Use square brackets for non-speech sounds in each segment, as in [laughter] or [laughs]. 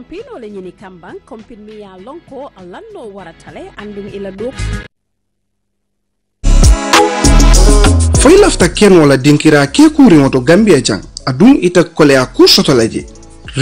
kompino le ñini kam ban kompin mi ya lonko lanno waratale andum ila do foyi lafta keno wala dinkira ke kuriŋo to gambia jaŋ aduŋ ita koleya ku soto je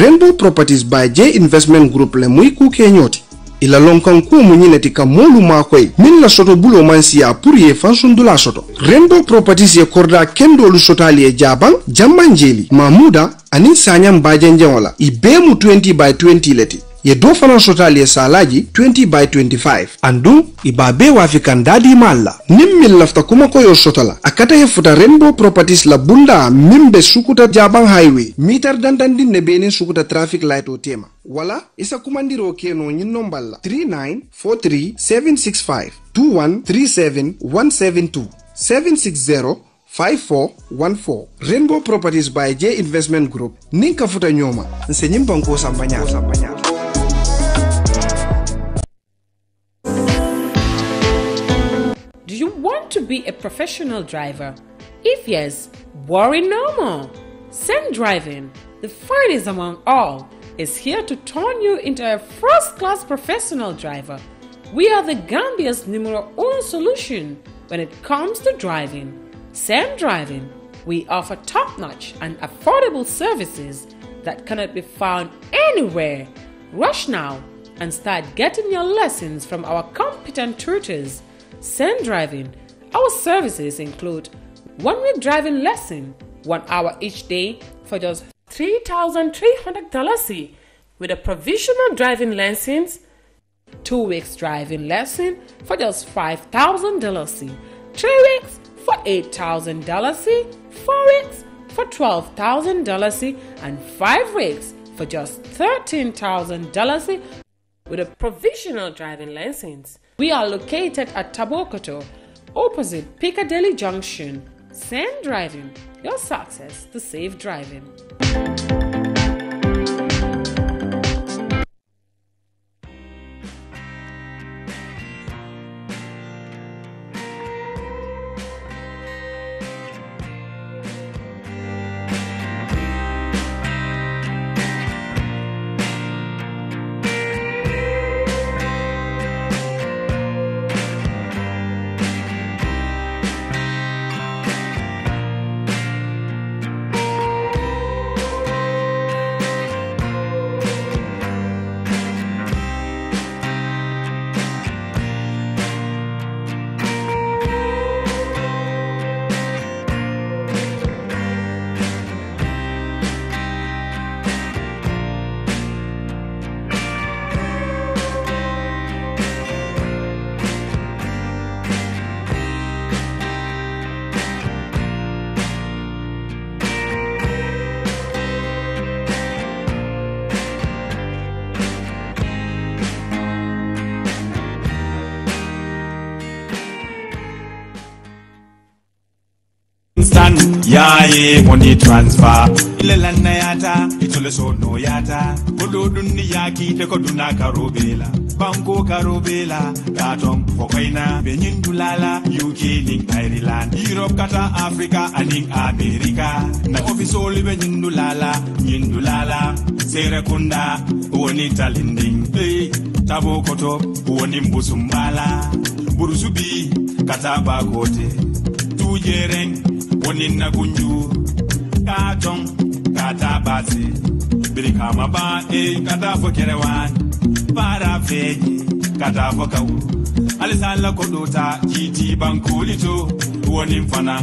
rainbow properties by j investment group le muy ku keñoo ti ila lonkan kuo mu ɲinɛ ti ka moolu maakoyi min la soto bulo man siya pour ye fansundola soto rendo properties ye korda kendolu sotali ye jaban jamman jeli mamuda anin saɲan bajenjeŋo la i bee mu 20 by 20 le ti ye do fanan sotali ye salaji 20 by 25 andu ibabe wafi kan dadi malla nim min lafta kuma ko yo sotala akata ye futa rainbow properties la bunda min be sukuta jaban highway mitar dantandin ne benin sukuta traffic light o tema wala isa kumandiro keno nombal la 39 43 765 2137 172 5414 rainbow properties by j investment group Ninka futa nyoma. Nse banko nko ñaar to be a professional driver? If yes, worry no more. Send Driving, the finest among all, is here to turn you into a first class professional driver. We are the Gambia's numero uno solution when it comes to driving. Send Driving, we offer top notch and affordable services that cannot be found anywhere. Rush now and start getting your lessons from our competent tutors. Send Driving our services include one week driving lesson, one hour each day for just $3,300 with a provisional driving license, two weeks driving lesson for just $5,000, three weeks for $8,000, four weeks for $12,000, and five weeks for just $13,000 with a provisional driving license. We are located at Tabokoto Opposite Piccadilly Junction. Send driving your success to safe driving. yaye money transfer ilelana yata itule sono yata kododunni yaki tekoduna karobela banko karobela gatong fokaina benyindulala uk ning ireland europe kata africa aning america na ofisoli benyindulala nyindulala serekunda woni talinding hey, tabokoto woni mbusumbala burusubi kata bakote tujereng oninagunju k'a jɔn k'a ta baasi birikama ba e eh, ka taa fɔ kɛnɛwa baara fɛ ye ka taa fɔ kawo halisa lakodo ta jiti bankoli to wɔni fana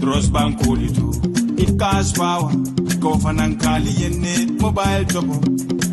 dros bankoli to ikasfawa k'o fana kali ye ne mobile tɔpɔ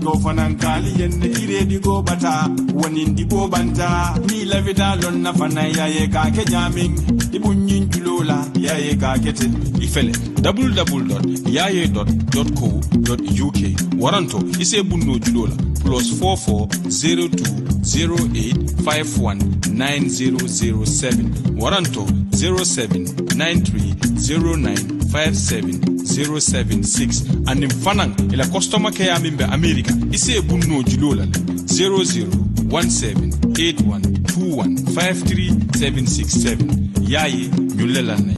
go fanan kali yenne iredi go bata wonin di go banta ni lavida lon na fana ya ye ka ke jamin ibunyin julola yaye gakete ifele www.yaye.co.uk waranto ise bunno julola plus 440208519007 waranto 0793095706 anin fanan ila customer care amin be america ise bunno julola 001781 2153767 yaye ñullelanay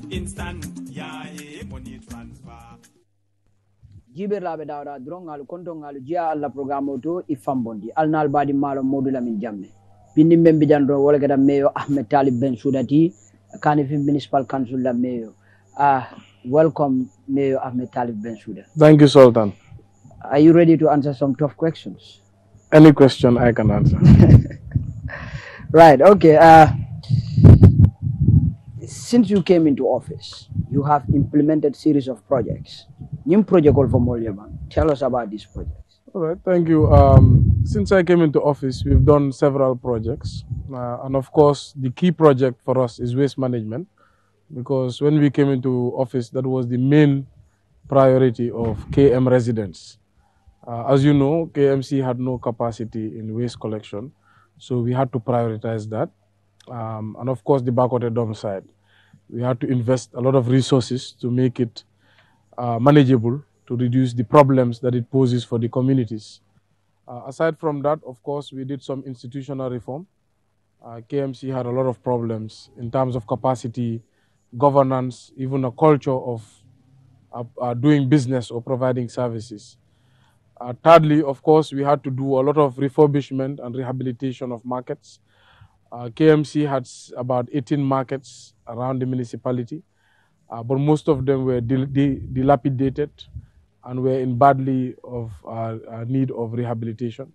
jiɓirlaɓe dawɗa dorongalu kontongalu jeya allah programme o to i fambondi alnal baɗi maalo modulamin jamme bindin ɓen mbiɗan ɗon wolgata meyo ahmed talib ben soudati fi municipal council la meyo ah welcome meyo ahmed talib ben souda thank you sultan are you ready to answer some tough questions any question i can answer [laughs] Right. Okay. Uh, since you came into office, you have implemented series of projects. New project called for Molyaban. Tell us about these projects. All right. Thank you. Um, since I came into office, we've done several projects, uh, and of course, the key project for us is waste management, because when we came into office, that was the main priority of KM residents. Uh, as you know, KMC had no capacity in waste collection. So we had to prioritize that. Um, and of course, the backwater dome side. We had to invest a lot of resources to make it uh, manageable, to reduce the problems that it poses for the communities. Uh, aside from that, of course, we did some institutional reform. Uh, KMC had a lot of problems in terms of capacity, governance, even a culture of uh, uh doing business or providing services. Uh, thirdly, of course, we had to do a lot of refurbishment and rehabilitation of markets. Uh, KMC had about 18 markets around the municipality, uh, but most of them were dil dil dilapidated and were in badly of uh, uh, need of rehabilitation.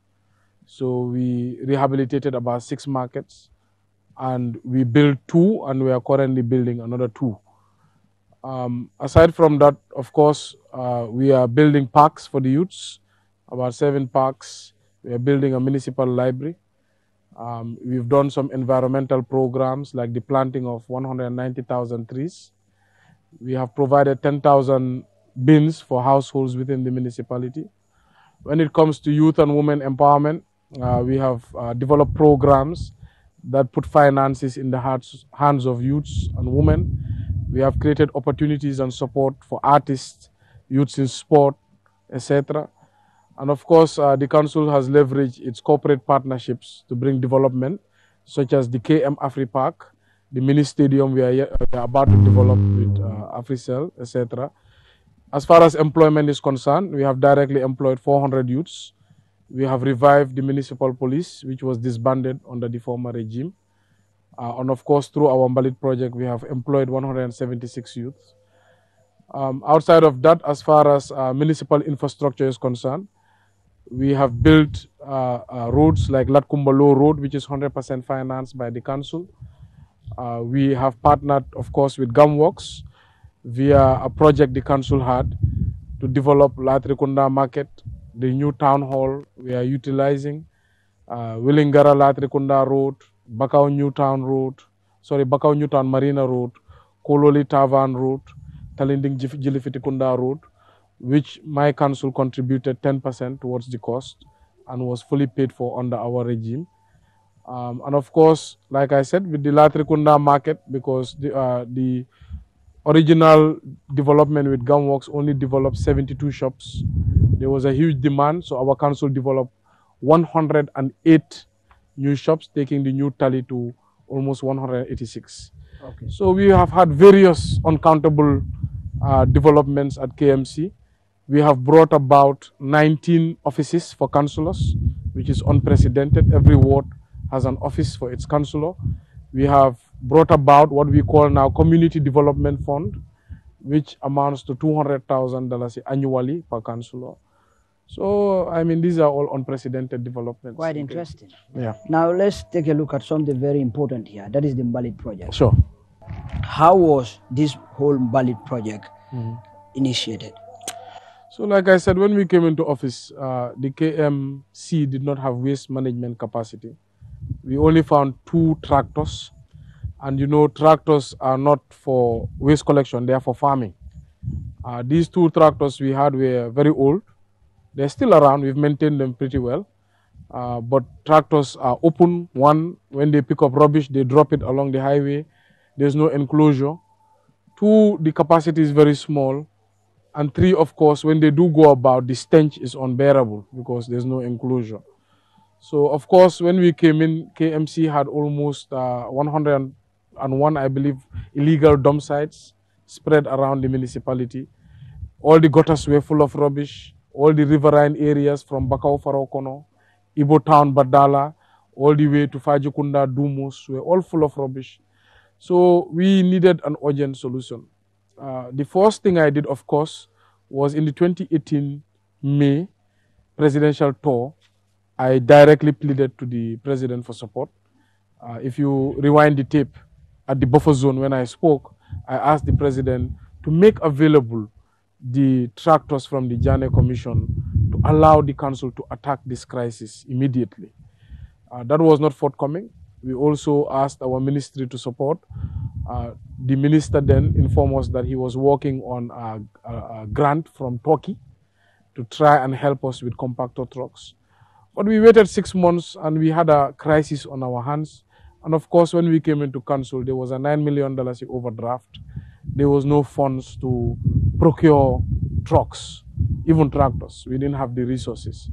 So we rehabilitated about six markets, and we built two, and we are currently building another two. Um, aside from that, of course, uh, we are building parks for the youths about seven parks. We are building a municipal library. Um, we've done some environmental programs like the planting of 190,000 trees. We have provided 10,000 bins for households within the municipality. When it comes to youth and women empowerment, uh, we have uh, developed programs that put finances in the hearts, hands of youths and women. We have created opportunities and support for artists, youths in sport, etc. And of course, uh, the Council has leveraged its corporate partnerships to bring development, such as the KM Afri Park, the mini stadium we are, we are about to develop with uh, AfriCell, etc. As far as employment is concerned, we have directly employed 400 youths. We have revived the municipal police, which was disbanded under the former regime. Uh, and of course, through our Mbalit project, we have employed 176 youths. Um, outside of that, as far as uh, municipal infrastructure is concerned, we have built uh, uh, roads like Latkumbalo Road, which is 100% financed by the council. Uh, we have partnered, of course, with Gumworks via a project the council had to develop Latrikunda Market, the new town hall we are utilizing, uh, Willingara Latrikunda Road, Bakau Newtown Road, sorry, Bakau Newtown Marina Road, Kololi Tavan Road, Talinding Jilifitikunda Road, which my council contributed 10% towards the cost and was fully paid for under our regime. Um, and of course, like I said, with the Latrikunda market, because the, uh, the original development with Gunworks only developed 72 shops. There was a huge demand, so our council developed 108 new shops, taking the new tally to almost 186. Okay. So we have had various uncountable uh, developments at KMC we have brought about 19 offices for councillors, which is unprecedented. Every ward has an office for its councillor. We have brought about what we call now Community Development Fund, which amounts to $200,000 annually per councillor. So, I mean, these are all unprecedented developments. Quite interesting. Yeah. Now, let's take a look at something very important here. That is the Mbalit project. Sure. How was this whole Mbalit project mm -hmm. initiated? So, like I said, when we came into office, uh, the KMC did not have waste management capacity. We only found two tractors, and you know, tractors are not for waste collection, they are for farming. Uh, these two tractors we had were very old. They're still around, we've maintained them pretty well. Uh, but tractors are open. One, when they pick up rubbish, they drop it along the highway. There's no enclosure. Two, the capacity is very small. And three, of course, when they do go about, the stench is unbearable because there's no enclosure. So, of course, when we came in, KMC had almost uh, 101, I believe, illegal dump sites spread around the municipality. All the gutters were full of rubbish. All the riverine areas from Bakau Farokono, Ibo town Badala, all the way to Fajikunda, Dumus were all full of rubbish. So we needed an urgent solution. Uh, the first thing I did, of course, was in the 2018 May presidential tour, I directly pleaded to the president for support. Uh, if you rewind the tape at the buffer zone when I spoke, I asked the president to make available the tractors from the Jane Commission to allow the council to attack this crisis immediately. Uh, that was not forthcoming. We also asked our ministry to support. Uh, the minister then informed us that he was working on a, a, a, grant from Turkey to try and help us with compactor trucks. But we waited six months and we had a crisis on our hands. And of course, when we came into council, there was a $9 million overdraft. There was no funds to procure trucks, even tractors. We didn't have the resources.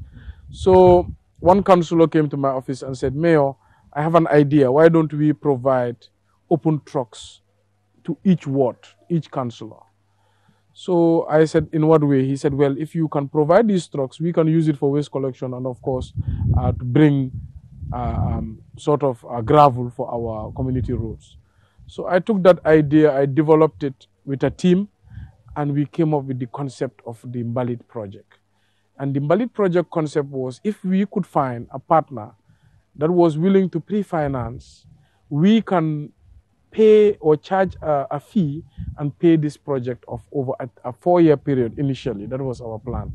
So one councillor came to my office and said, Mayor, I have an idea. Why don't we provide open trucks to each ward, each councillor. So I said, in what way? He said, well, if you can provide these trucks, we can use it for waste collection and, of course, uh, to bring uh, um, sort of uh, gravel for our community roads. So I took that idea, I developed it with a team, and we came up with the concept of the Mbalit project. And the Mbalit project concept was if we could find a partner that was willing to pre finance, we can pay or charge a, a fee and pay this project of over a, a four-year period initially. That was our plan.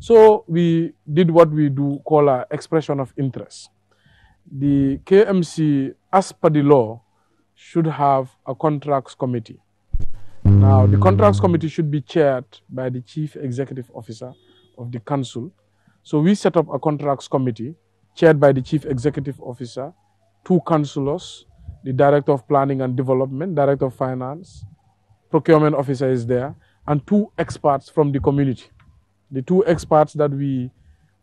So we did what we do call an expression of interest. The KMC, as per the law, should have a contracts committee. Now, the contracts committee should be chaired by the chief executive officer of the council. So we set up a contracts committee chaired by the chief executive officer, two councillors, the Director of Planning and Development, Director of Finance, Procurement Officer is there, and two experts from the community. The two experts that we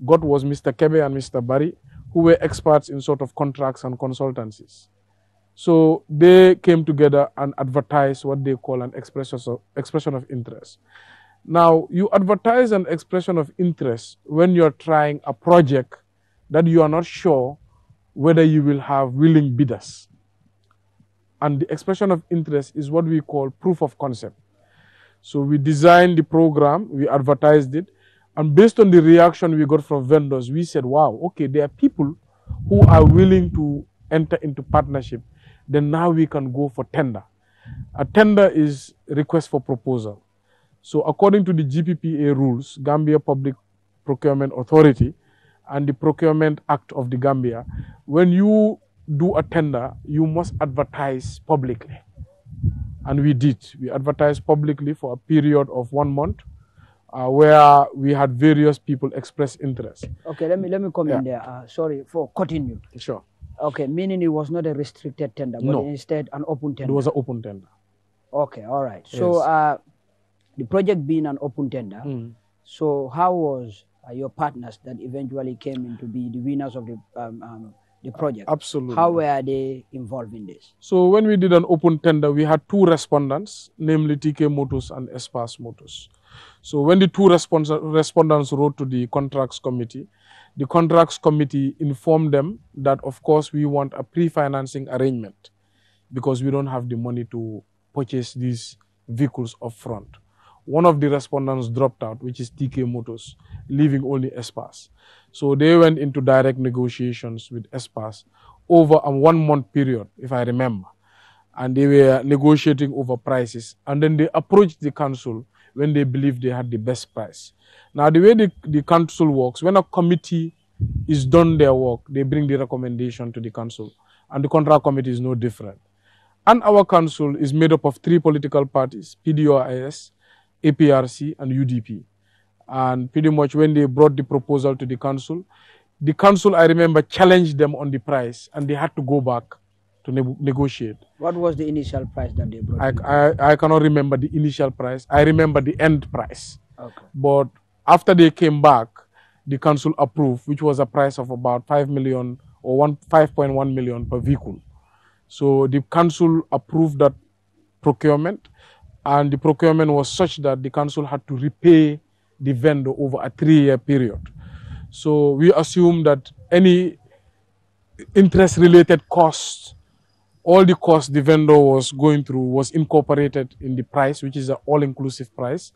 got was Mr. Kebe and Mr. Barry, who were experts in sort of contracts and consultancies. So they came together and advertised what they call an expression of interest. Now, you advertise an expression of interest when you're trying a project that you are not sure whether you will have willing bidders and the expression of interest is what we call proof of concept. So we designed the program, we advertised it, and based on the reaction we got from vendors, we said, wow, okay, there are people who are willing to enter into partnership. Then now we can go for tender. A tender is request for proposal. So according to the GPPA rules, Gambia Public Procurement Authority, and the Procurement Act of the Gambia, when you do a tender, you must advertise publicly. And we did. We advertised publicly for a period of one month. Uh, where we had various people express interest. Okay, let me let me come yeah. in there. Uh, sorry for cutting you. Sure. Okay, meaning it was not a restricted tender, but no. instead an open tender. It was an open tender. Okay, all right. Yes. So uh, the project being an open tender, mm. so how was uh, your partners that eventually came in to be the winners of the um, um, the project? Absolutely. How were they involved in this? So when we did an open tender, we had two respondents, namely TK Motors and Espas Motors. So when the two respondents wrote to the contracts committee, the contracts committee informed them that, of course, we want a pre-financing arrangement because we don't have the money to purchase these vehicles up front one of the respondents dropped out, which is TK Motors, leaving only Espas. So they went into direct negotiations with Espas over a one month period, if I remember. And they were negotiating over prices. And then they approached the council when they believed they had the best price. Now, the way the, the council works, when a committee is done their work, they bring the recommendation to the council. And the contract committee is no different. And our council is made up of three political parties, PDOIS, APRC and UDP. And pretty much when they brought the proposal to the council, the council, I remember, challenged them on the price and they had to go back to ne negotiate. What was the initial price that they brought? I, I, I, cannot remember the initial price. I remember the end price. Okay. But after they came back, the council approved, which was a price of about 5 million or one, 5.1 million per vehicle. So the council approved that procurement and the procurement was such that the council had to repay the vendor over a three-year period. So we assume that any interest-related costs, all the costs the vendor was going through was incorporated in the price, which is an all-inclusive price,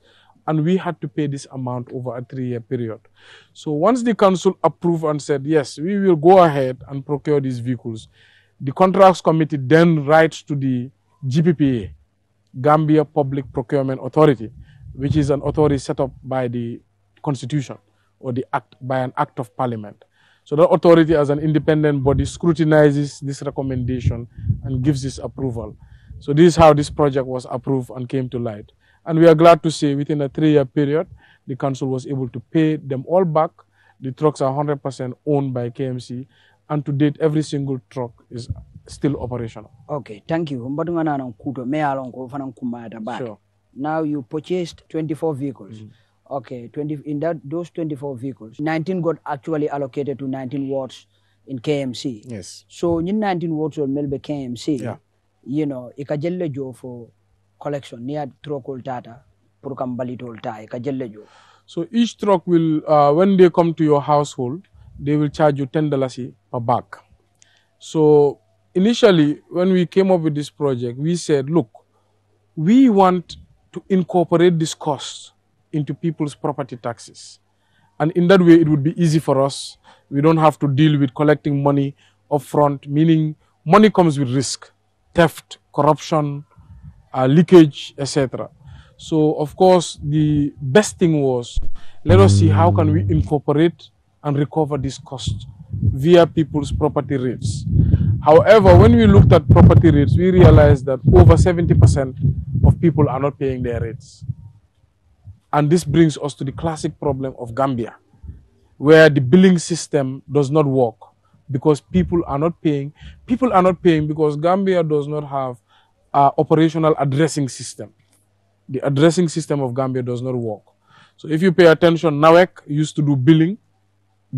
and we had to pay this amount over a three-year period. So once the council approved and said, yes, we will go ahead and procure these vehicles, the contracts committee then writes to the GPPA Gambia Public Procurement Authority, which is an authority set up by the Constitution or the act by an act of parliament. So the authority as an independent body scrutinizes this recommendation and gives its approval. So this is how this project was approved and came to light. And we are glad to say within a three-year period, the council was able to pay them all back. The trucks are 100% owned by KMC and to date every single truck is still operational okay thank you ngana na kuto me along alonko fana kumata back sure. now you purchased 24 vehicles mm -hmm. okay 20 in that those 24 vehicles 19 got actually allocated to 19 wards in KMC yes so in 19 wards will melbe KMC yeah. you know ikajelle e jo for collection near truck old data pour kam balitol ta ikajelle e jo so each truck will uh, when they come to your household they will charge you 10 dollars or back. So initially, when we came up with this project, we said, look, we want to incorporate this cost into people's property taxes. And in that way, it would be easy for us. We don't have to deal with collecting money upfront, meaning money comes with risk, theft, corruption, uh, leakage, etc. So, of course, the best thing was, let us see how can we incorporate and recover this cost via people's property rates. However, when we looked at property rates, we realized that over 70% of people are not paying their rates. And this brings us to the classic problem of Gambia, where the billing system does not work because people are not paying. People are not paying because Gambia does not have an operational addressing system. The addressing system of Gambia does not work. So if you pay attention, NAWEC used to do billing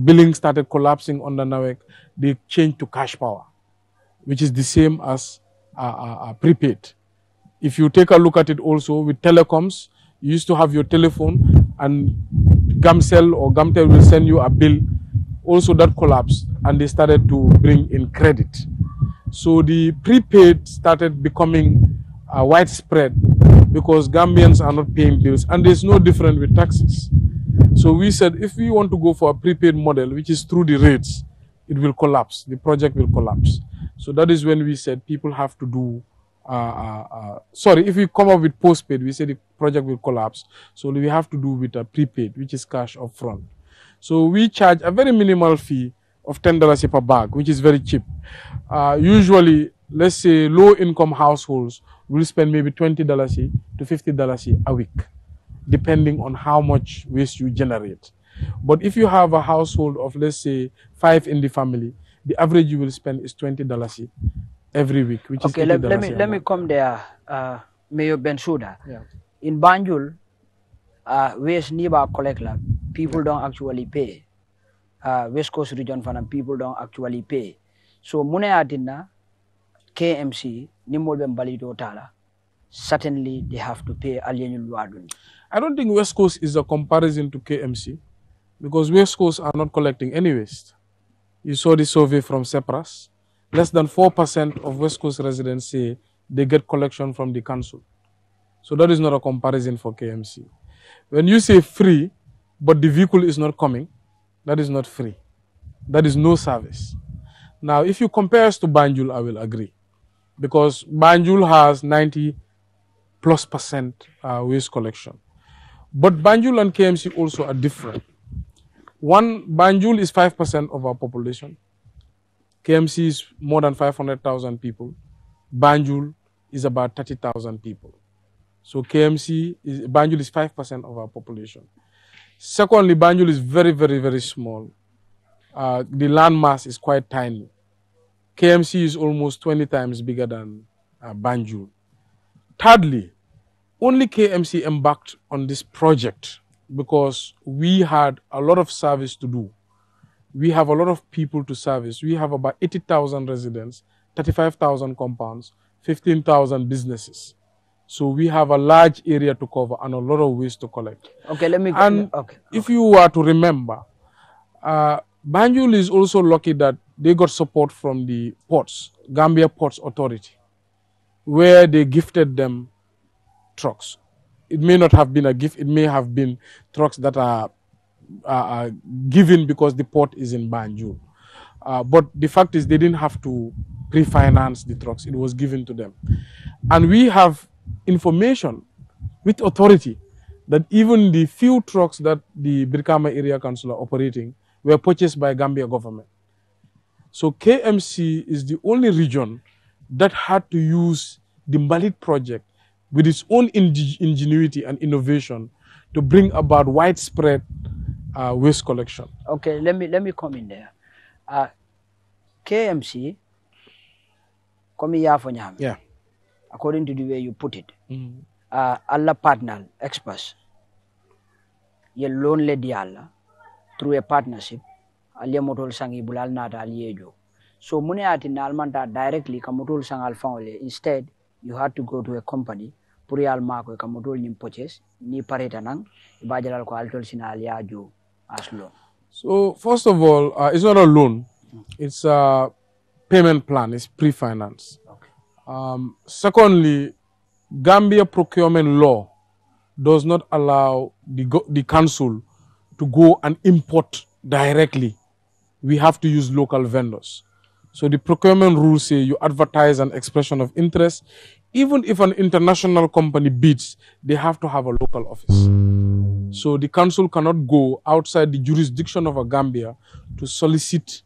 billing started collapsing under NAWEC, they changed to cash power, which is the same as uh, uh, uh, prepaid. If you take a look at it also with telecoms, you used to have your telephone and Gamcell or Gamtel will send you a bill. Also that collapsed and they started to bring in credit. So the prepaid started becoming uh, widespread because Gambians are not paying bills and there's no difference with taxes. So we said if we want to go for a prepaid model, which is through the rates, it will collapse. The project will collapse. So that is when we said people have to do. Uh, uh, uh, sorry, if we come up with postpaid, we say the project will collapse. So we have to do with a prepaid, which is cash upfront. So we charge a very minimal fee of ten dollars per bag, which is very cheap. Uh, usually, let's say low-income households will spend maybe twenty dollars to fifty dollars a week depending on how much waste you generate. But if you have a household of, let's say, five in the family, the average you will spend is $20 every week, which okay, is 80 let, me, let me come there, uh, Mayor Bensouda. Yeah. In Banjul, uh, waste nearby collect people yeah. don't actually pay. Uh, West Coast region for fanam people don't actually pay. So mune atinna KMC nimol ben tala certainly they have to pay alien luadun. I don't think West Coast is a comparison to KMC because West Coast are not collecting any waste. You saw the survey from Sepras. Less than 4% of West Coast residents say they get collection from the council. So that is not a comparison for KMC. When you say free, but the vehicle is not coming, that is not free. That is no service. Now, if you compare us to Banjul, I will agree. Because Banjul has 90 plus percent uh, waste collection. But Banjul and KMC also are different. One, Banjul is 5% of our population. KMC is more than 500,000 people. Banjul is about 30,000 people. So KMC, is, Banjul is 5% of our population. Secondly, Banjul is very, very, very small. Uh, the land mass is quite tiny. KMC is almost 20 times bigger than uh, Banjul. Thirdly, only KMC embarked on this project because we had a lot of service to do. We have a lot of people to service. We have about 80,000 residents, 35,000 compounds, 15,000 businesses. So we have a large area to cover and a lot of waste to collect. Okay, let me. Go. And okay, okay. if you were to remember, uh, Banjul is also lucky that they got support from the ports, Gambia Ports Authority, where they gifted them trucks. It may not have been a gift. It may have been trucks that are, are given because the port is in Banjul. Uh, but the fact is they didn't have to pre-finance the trucks. It was given to them. And we have information with authority that even the few trucks that the Birkama Area Council are operating were purchased by Gambia government. So KMC is the only region that had to use the Malit project with its own ingenuity and innovation to bring about widespread uh, waste collection. Okay, let me let me come in there. Uh, KMC, come here for Yeah. According to the way you put it, mm. uh, Allah partner experts, you lonely le diala through a partnership, alia motol sangi bulal nada aliejo. So mune ati nalmanda directly kamotol sang alfaole instead you had to go to a company pour yal mako e kamotol nyim purchase ni pareta nang ibajalal ko altol sinal ya jo as loan so first of all uh, it's not a loan it's a payment plan it's pre financed okay. um, secondly gambia procurement law does not allow the, the council to go and import directly we have to use local vendors so the procurement rules say you advertise an expression of interest. Even if an international company bids, they have to have a local office. So the council cannot go outside the jurisdiction of a Gambia to solicit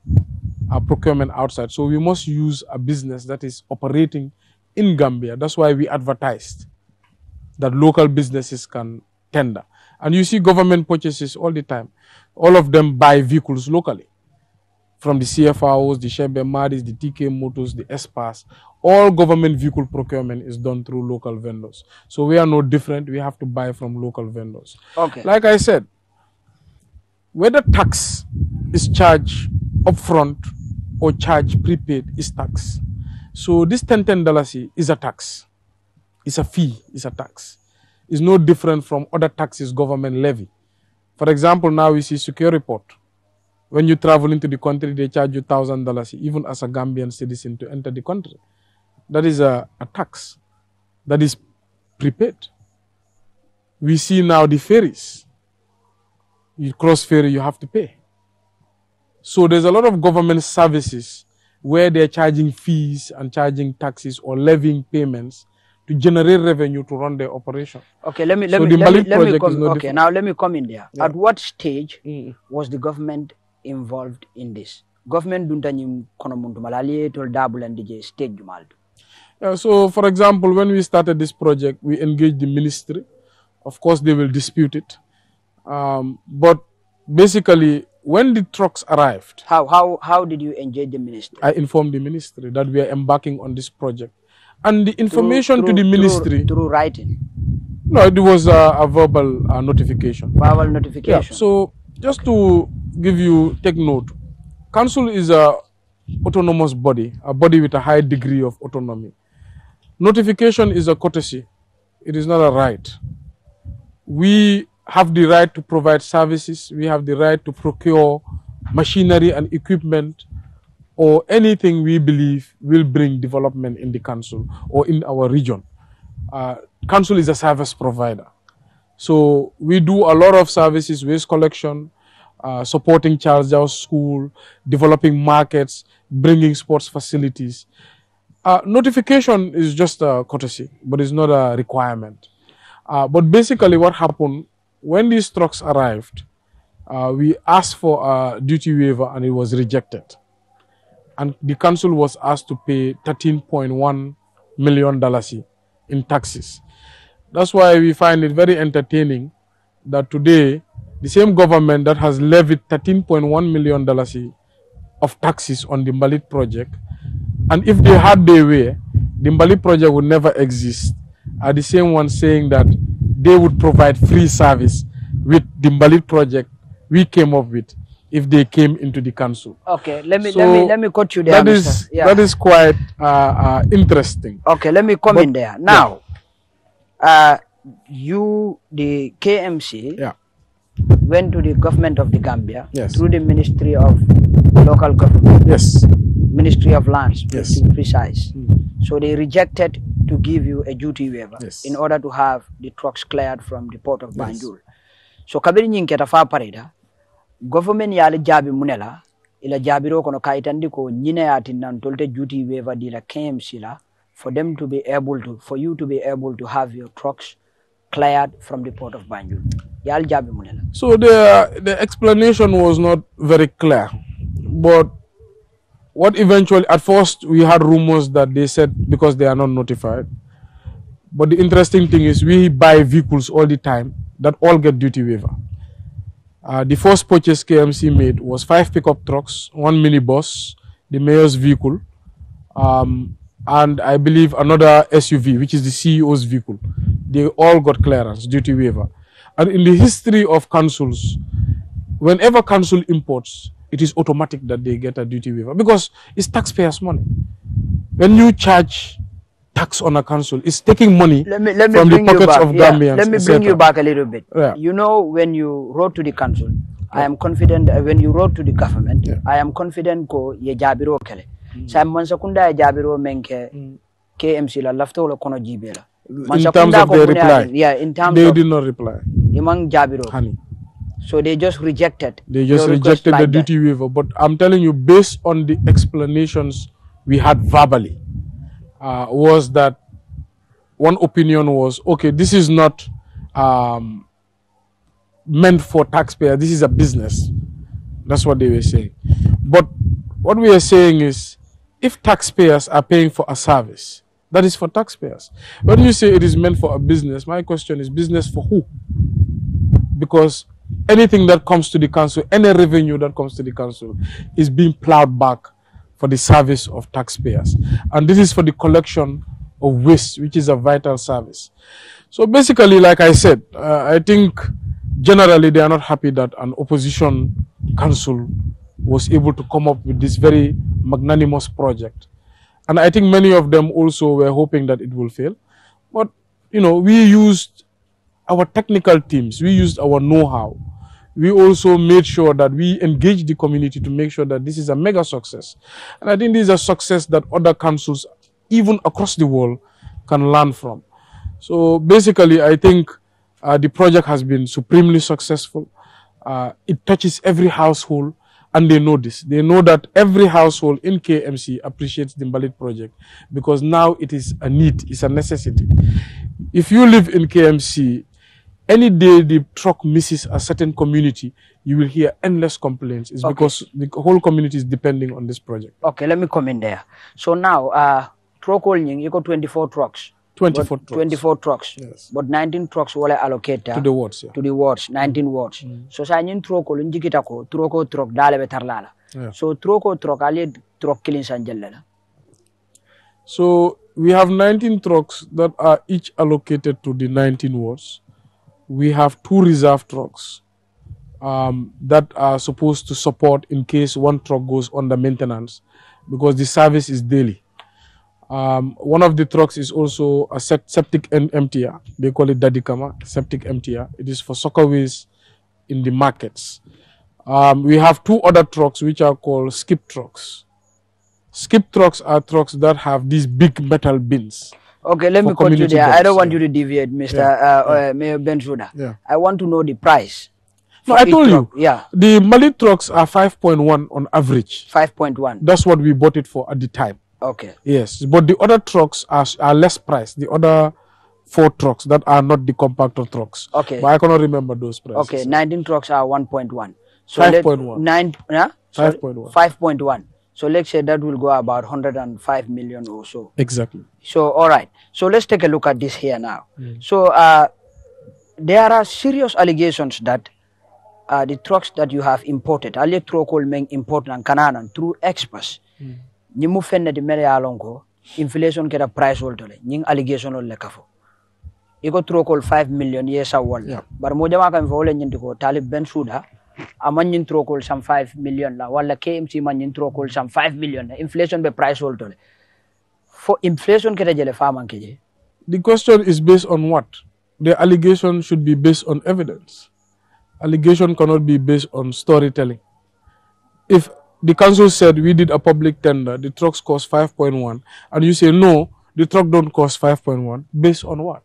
a procurement outside. So we must use a business that is operating in Gambia. That's why we advertised that local businesses can tender. And you see government purchases all the time. All of them buy vehicles locally from the CFROs, the Shebe Maris, the TK Motors, the Espas, All government vehicle procurement is done through local vendors. So we are no different. We have to buy from local vendors. Okay. Like I said, whether tax is charged upfront or charged prepaid is tax. So this ten ten dollars is a tax. It's a fee. It's a tax. It's no different from other taxes government levy. For example, now we see secure report when you travel into the country, they charge you thousand dollars, even as a Gambian citizen, to enter the country. That is a, a tax that is prepaid. We see now the ferries. You cross ferry, you have to pay. So there's a lot of government services where they're charging fees and charging taxes or levying payments to generate revenue to run their operation. Okay, let me let so me, let me, let me come, okay, different. now let me come in there. Yeah. At what stage mm. was the government involved in this government dunta ñim kono tol dije yeah, so for example when we started this project we engaged the ministry of course they will dispute it um, but basically when the trucks arrived how how how did you engage the ministry i informed the ministry that we are embarking on this project and the information through, through, to the ministry through, through writing no it was a, a verbal uh, notification verbal notification yeah, so just to give you, take note, council is a autonomous body, a body with a high degree of autonomy. Notification is a courtesy. It is not a right. We have the right to provide services. We have the right to procure machinery and equipment or anything we believe will bring development in the council or in our region. Uh, council is a service provider. So we do a lot of services, waste collection, uh, supporting Charles care School, developing markets, bringing sports facilities. Uh, notification is just a courtesy, but it's not a requirement. Uh, but basically what happened, when these trucks arrived, uh, we asked for a duty waiver and it was rejected. And the council was asked to pay $13.1 million in taxes. That's why we find it very entertaining that today the same government that has levied $13.1 million of taxes on the Mbalit project, and if they had their way, the Mbalit project would never exist, are the same ones saying that they would provide free service with the Mbalit project we came up with if they came into the council. Okay, let me so let me let me cut you there. That is, yeah. that is quite uh, uh, interesting. Okay, let me come but, in there now. Yeah uh, you, the KMC, yeah. went to the government of the Gambia yes. through the Ministry of Local Government. Yes. Ministry of Lands, yes. to be precise. Mm. So they rejected to give you a duty waiver yes. in order to have the trucks cleared from the port of Banjul. Yes. So kabiri nyinketa fa parida, government yali jabi munela, ila jabiro kono kaitandi ko nyine yati nan tolte duty waiver dila KMC la, for them to be able to, for you to be able to have your trucks cleared from the port of Banjul. So the, the explanation was not very clear, but what eventually, at first we had rumors that they said because they are not notified, but the interesting thing is we buy vehicles all the time that all get duty waiver. Uh, the first purchase KMC made was five pickup trucks, one minibus, the mayor's vehicle, um, and I believe another SUV, which is the CEO's vehicle. They all got clearance, duty waiver. And in the history of councils, whenever council imports, it is automatic that they get a duty waiver because it's taxpayers' money. When you charge tax on a council, it's taking money let me, let me from the pockets of yeah. Gambians. Let me bring you back a little bit. Yeah. You know, when you wrote to the council, yeah. I am confident, uh, when you wrote to the government, I am confident go ye jabiro kele. Hmm. sa mansa kunda ya jabiro men hmm. KMC la lafto la kono jibe la mansa ko reply yeah in terms they of, did not reply imang jabiro honey so they just rejected they just rejected like the duty that. waiver but i'm telling you based on the explanations we had verbally uh, was that one opinion was okay this is not um, meant for taxpayer this is a business that's what they were saying but what we are saying is if taxpayers are paying for a service, that is for taxpayers. When you say it is meant for a business, my question is business for who? Because anything that comes to the council, any revenue that comes to the council is being plowed back for the service of taxpayers. And this is for the collection of waste, which is a vital service. So basically, like I said, uh, I think generally they are not happy that an opposition council was able to come up with this very magnanimous project. And I think many of them also were hoping that it will fail. But, you know, we used our technical teams, we used our know-how. We also made sure that we engaged the community to make sure that this is a mega success. And I think this is a success that other councils, even across the world, can learn from. So basically, I think uh, the project has been supremely successful. Uh, it touches every household. And they know this. They know that every household in KMC appreciates the Mbalit project because now it is a need, it's a necessity. If you live in KMC, any day the truck misses a certain community, you will hear endless complaints. It's okay. because the whole community is depending on this project. Okay, let me come in there. So now, uh, truck holding, you got 24 trucks. 24 trucks. 24 trucks. Yes. But 19 trucks were allocated to ah? the wards. Yeah. To the wards, 19 wards. Mm. So sa nyin troko lu njikita ko troko truck dale be tarlala. Yeah. So troko truck ali truck killing sanjella. So we have 19 trucks that are each allocated to the 19 wards. We have two reserve trucks um, that are supposed to support in case one truck goes under maintenance because the service is daily. Um, one of the trucks is also a septic emptier. They call it Dadikama, septic emptier. It is for soccer waste in the markets. Um, we have two other trucks which are called skip trucks. Skip trucks are trucks that have these big metal bins. Okay, let me continue there. I don't want you to deviate, Mr. Yeah. Uh, yeah. Uh, Mayor Bensouda. Yeah. I want to know the price. No, I told truck. you. Yeah. The Mali trucks are 5.1 on average. 5.1. That's what we bought it for at the time. Okay. Yes, but the other trucks are, are less priced. The other four trucks that are not the compactor trucks. Okay. But I cannot remember those prices. Okay, 19 trucks are 1.1. So 5.1. 9, yeah? 5.1. 5.1. So let's say that will go about 105 million or so. Exactly. So, all right. So let's take a look at this here now. Mm. So uh, there are serious allegations that uh, the trucks that you have imported, trucks Trokol Meng import and Kananan through experts, mm. ñi mu fenne di mele yalon ko inflation kera price wol tole ñing allegation wol le kafo iko trokol 5 million ye sa wol yeah. bar mo jama kam fo le ñindi ko talib ben suda aman ñin trokol sam 5 million la wala kmc man ñin trokol sam 5 million la inflation be price wol tole for inflation kera jele faman keje the question is based on what the allegation should be based on evidence allegation cannot be based on storytelling if the council said we did a public tender, the trucks cost 5.1, and you say no, the truck don't cost 5.1, based on what?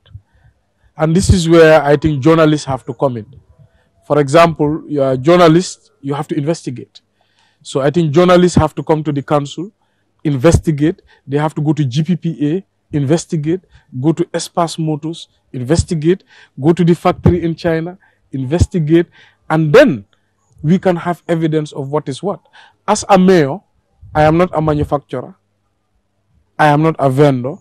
And this is where I think journalists have to come in. For example, you're a journalist, you have to investigate. So I think journalists have to come to the council, investigate, they have to go to GPPA, investigate, go to Espas Motors, investigate, go to the factory in China, investigate, and then we can have evidence of what is what as a mayor, I am not a manufacturer. I am not a vendor.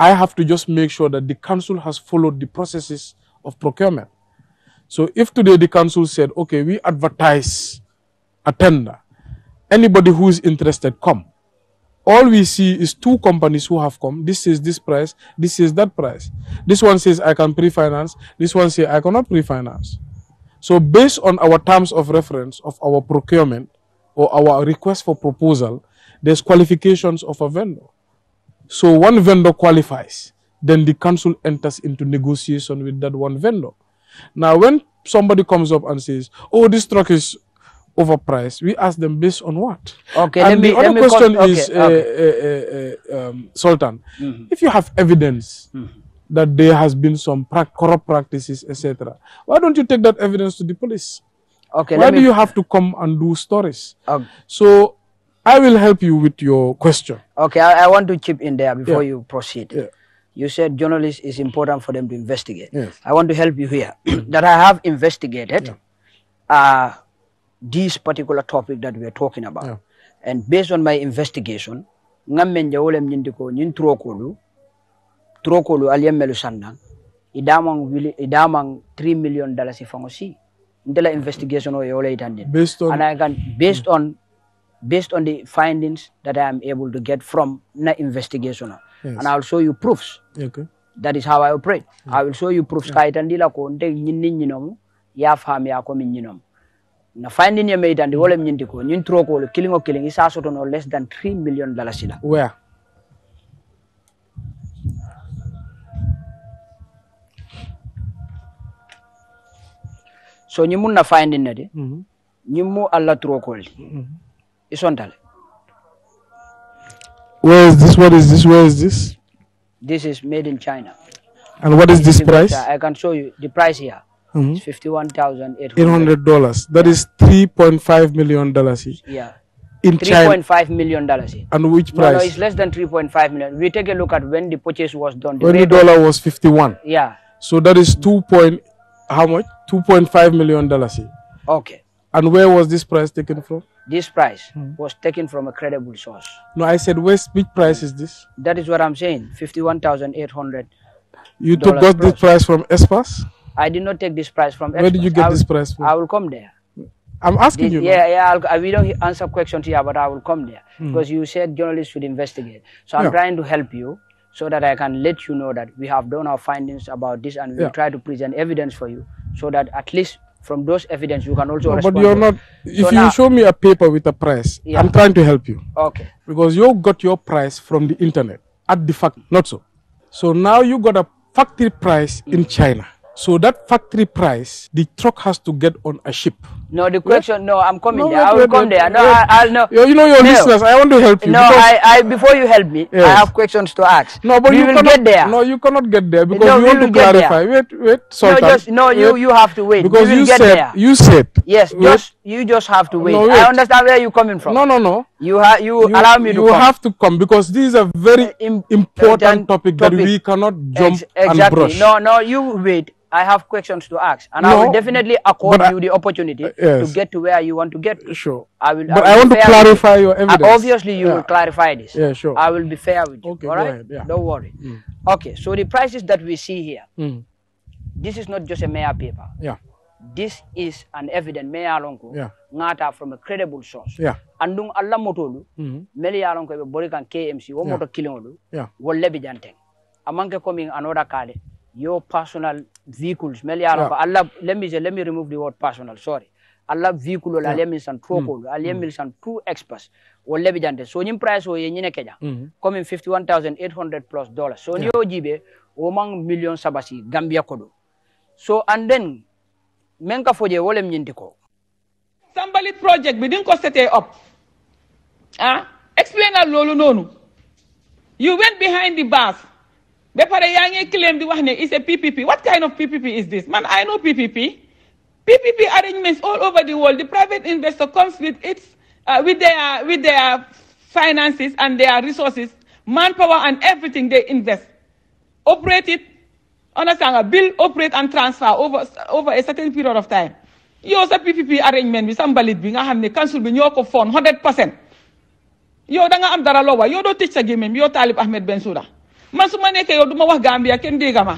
I have to just make sure that the council has followed the processes of procurement. So if today the council said, okay, we advertise a tender, anybody who is interested, come. All we see is two companies who have come. This is this price, this is that price. This one says I can pre-finance, this one says I cannot pre-finance. So based on our terms of reference of our procurement, or our request for proposal, there's qualifications of a vendor. So one vendor qualifies, then the council enters into negotiation with that one vendor. Now, when somebody comes up and says, oh, this truck is overpriced, we ask them based on what? Okay, and the me, other question okay, is, okay. Uh, uh, uh, uh, um, Sultan, mm -hmm. if you have evidence mm -hmm. that there has been some pra corrupt practices, etc., why don't you take that evidence to the police? Okay. Why do you have to come and do stories? So I will help you with your question. Okay, I, I want to chip in there before yeah. you proceed. Yeah. You said journalists is important for them to investigate. Yes. I want to help you here [clears throat] that I have investigated yeah. uh, this particular topic that we are talking about. Yeah. And based on my investigation, ngamenja wole mnyindiko nyintrokolu trokolu aliyemelu sandan idamang idamang 3 million dollars ifangosi. ndela investigation o yewoleytan din based on, and I can, based mm. on based on the findings that I am able to get from na investigation o yes. and i'll show you proofs okay. that is how I operate mm. I will show you proofs yeah. kaitan la ko nde nyinni fam ya ko min nyinom na finding yemeytan ndi wolem nyindi ko nyin tro ko killing kilingi sa no less than 3 million dollars ila where so ñiŋ muŋ nafaa yendiŋ ne de mm-hmm. ñiŋ mu alla turokol di mm-hmm. Is sonta le Where is this? What is this? Where is this? This is made in China. And what is this price? I can show you the price here. Mm-hmm. fifty-one thousand eight hundred dollars. That yeah. is three point five million dollars. Yeah. In 3.5 million dollars. And which price? No, no, it's less than 3.5 million. We take a look at when the purchase was done. The when the dollar was 51. Yeah. So that is 2.8 how much? $2.5 million. Okay. And where was this price taken from? This price hmm. was taken from a credible source. No, I said, where's which price is this? That is what I'm saying, 51800 You took got price. this price from Espas? I did not take this price from Espas. Where did you get this price from? I will come there. I'm asking this, you. Yeah, yeah. I'll, we don't answer questions here, but I will come there. Hmm. Because you said journalists should investigate. So I'm yeah. trying to help you so that I can let you know that we have done our findings about this and we yeah. try to present evidence for you so that at least from those evidence you can also no, But you're not, if so you now, show me a paper with a price, yeah. I'm trying to help you. Okay. Because you got your price from the internet at the fact, not so. So now you got a factory price mm. in China. So that factory price, the truck has to get on a ship. No, the question. No, I'm coming no, there. I will come there. No, I, will no. You know your no. listeners. I want to help you. No, I, I. Before you help me, yes. I have questions to ask. No, but we you will cannot, get there. No, you cannot get there because no, we want to clarify. Wait, Wait, wait. Sultan. No, just no. Wait. You you have to wait because you said there. you said yes. Wait. Just you just have to wait. No, wait. I understand where you're coming from. No, no, no. You have you, you, allow me to. You come. have to come because this is a very uh, important topic, that we cannot jump exactly. and brush. No, no. You wait. I have questions to ask, and no, I will definitely accord you the opportunity yes. to get to where you want to get. To. Sure. I will. But I, will I want to clarify you. your uh, evidence. Uh, obviously, you yeah. will clarify this. Yeah, sure. I will be fair with you. Okay, all right. Ahead, yeah. Don't worry. Mm. Okay. So the prices that we see here, mm. this is not just a mayor paper. Yeah. This is an evident mayor longo. Yeah. Ngata from a credible source. Yeah. Andung Allah motolu. Mm-hmm. Meli alongo ebe borikan KMC. Wo moto kilingolu. Yeah. Wo lebi janteng. Amanke coming another kare, Your personal vehicles. Meli alongo. Allah. Let me let me remove the word personal. Sorry alla vehicle la yeah. ale min san two ko mm. ale mm. san two experts wolle bi jante so nyim price o ye nyine keja mm-hmm. comme 51800 plus dollars so yeah. ni o jibe o mang million sabasi gambia kodo so and then men ka foje wolem nyinti ko sambali project bi din ko sete up ah explain al lolu nonu you went behind the bars be pare yaangi claim di wax ne is a ppp what kind of ppp is this man i know ppp PPP arrangements all over the world, the private investor comes with, its, uh, with, their, with their finances and their resources, manpower and everything they invest. Operate it, understand, uh, build, operate and transfer over, over a certain period of time. You also PPP arrangement with sa mbalit bi nga xam council bi ñoo ko 100 percent You don't am dara loo wax yow doo tëj sa Talib Ahmed Bensouda man su ma you do du ma wax Gambia kenn ma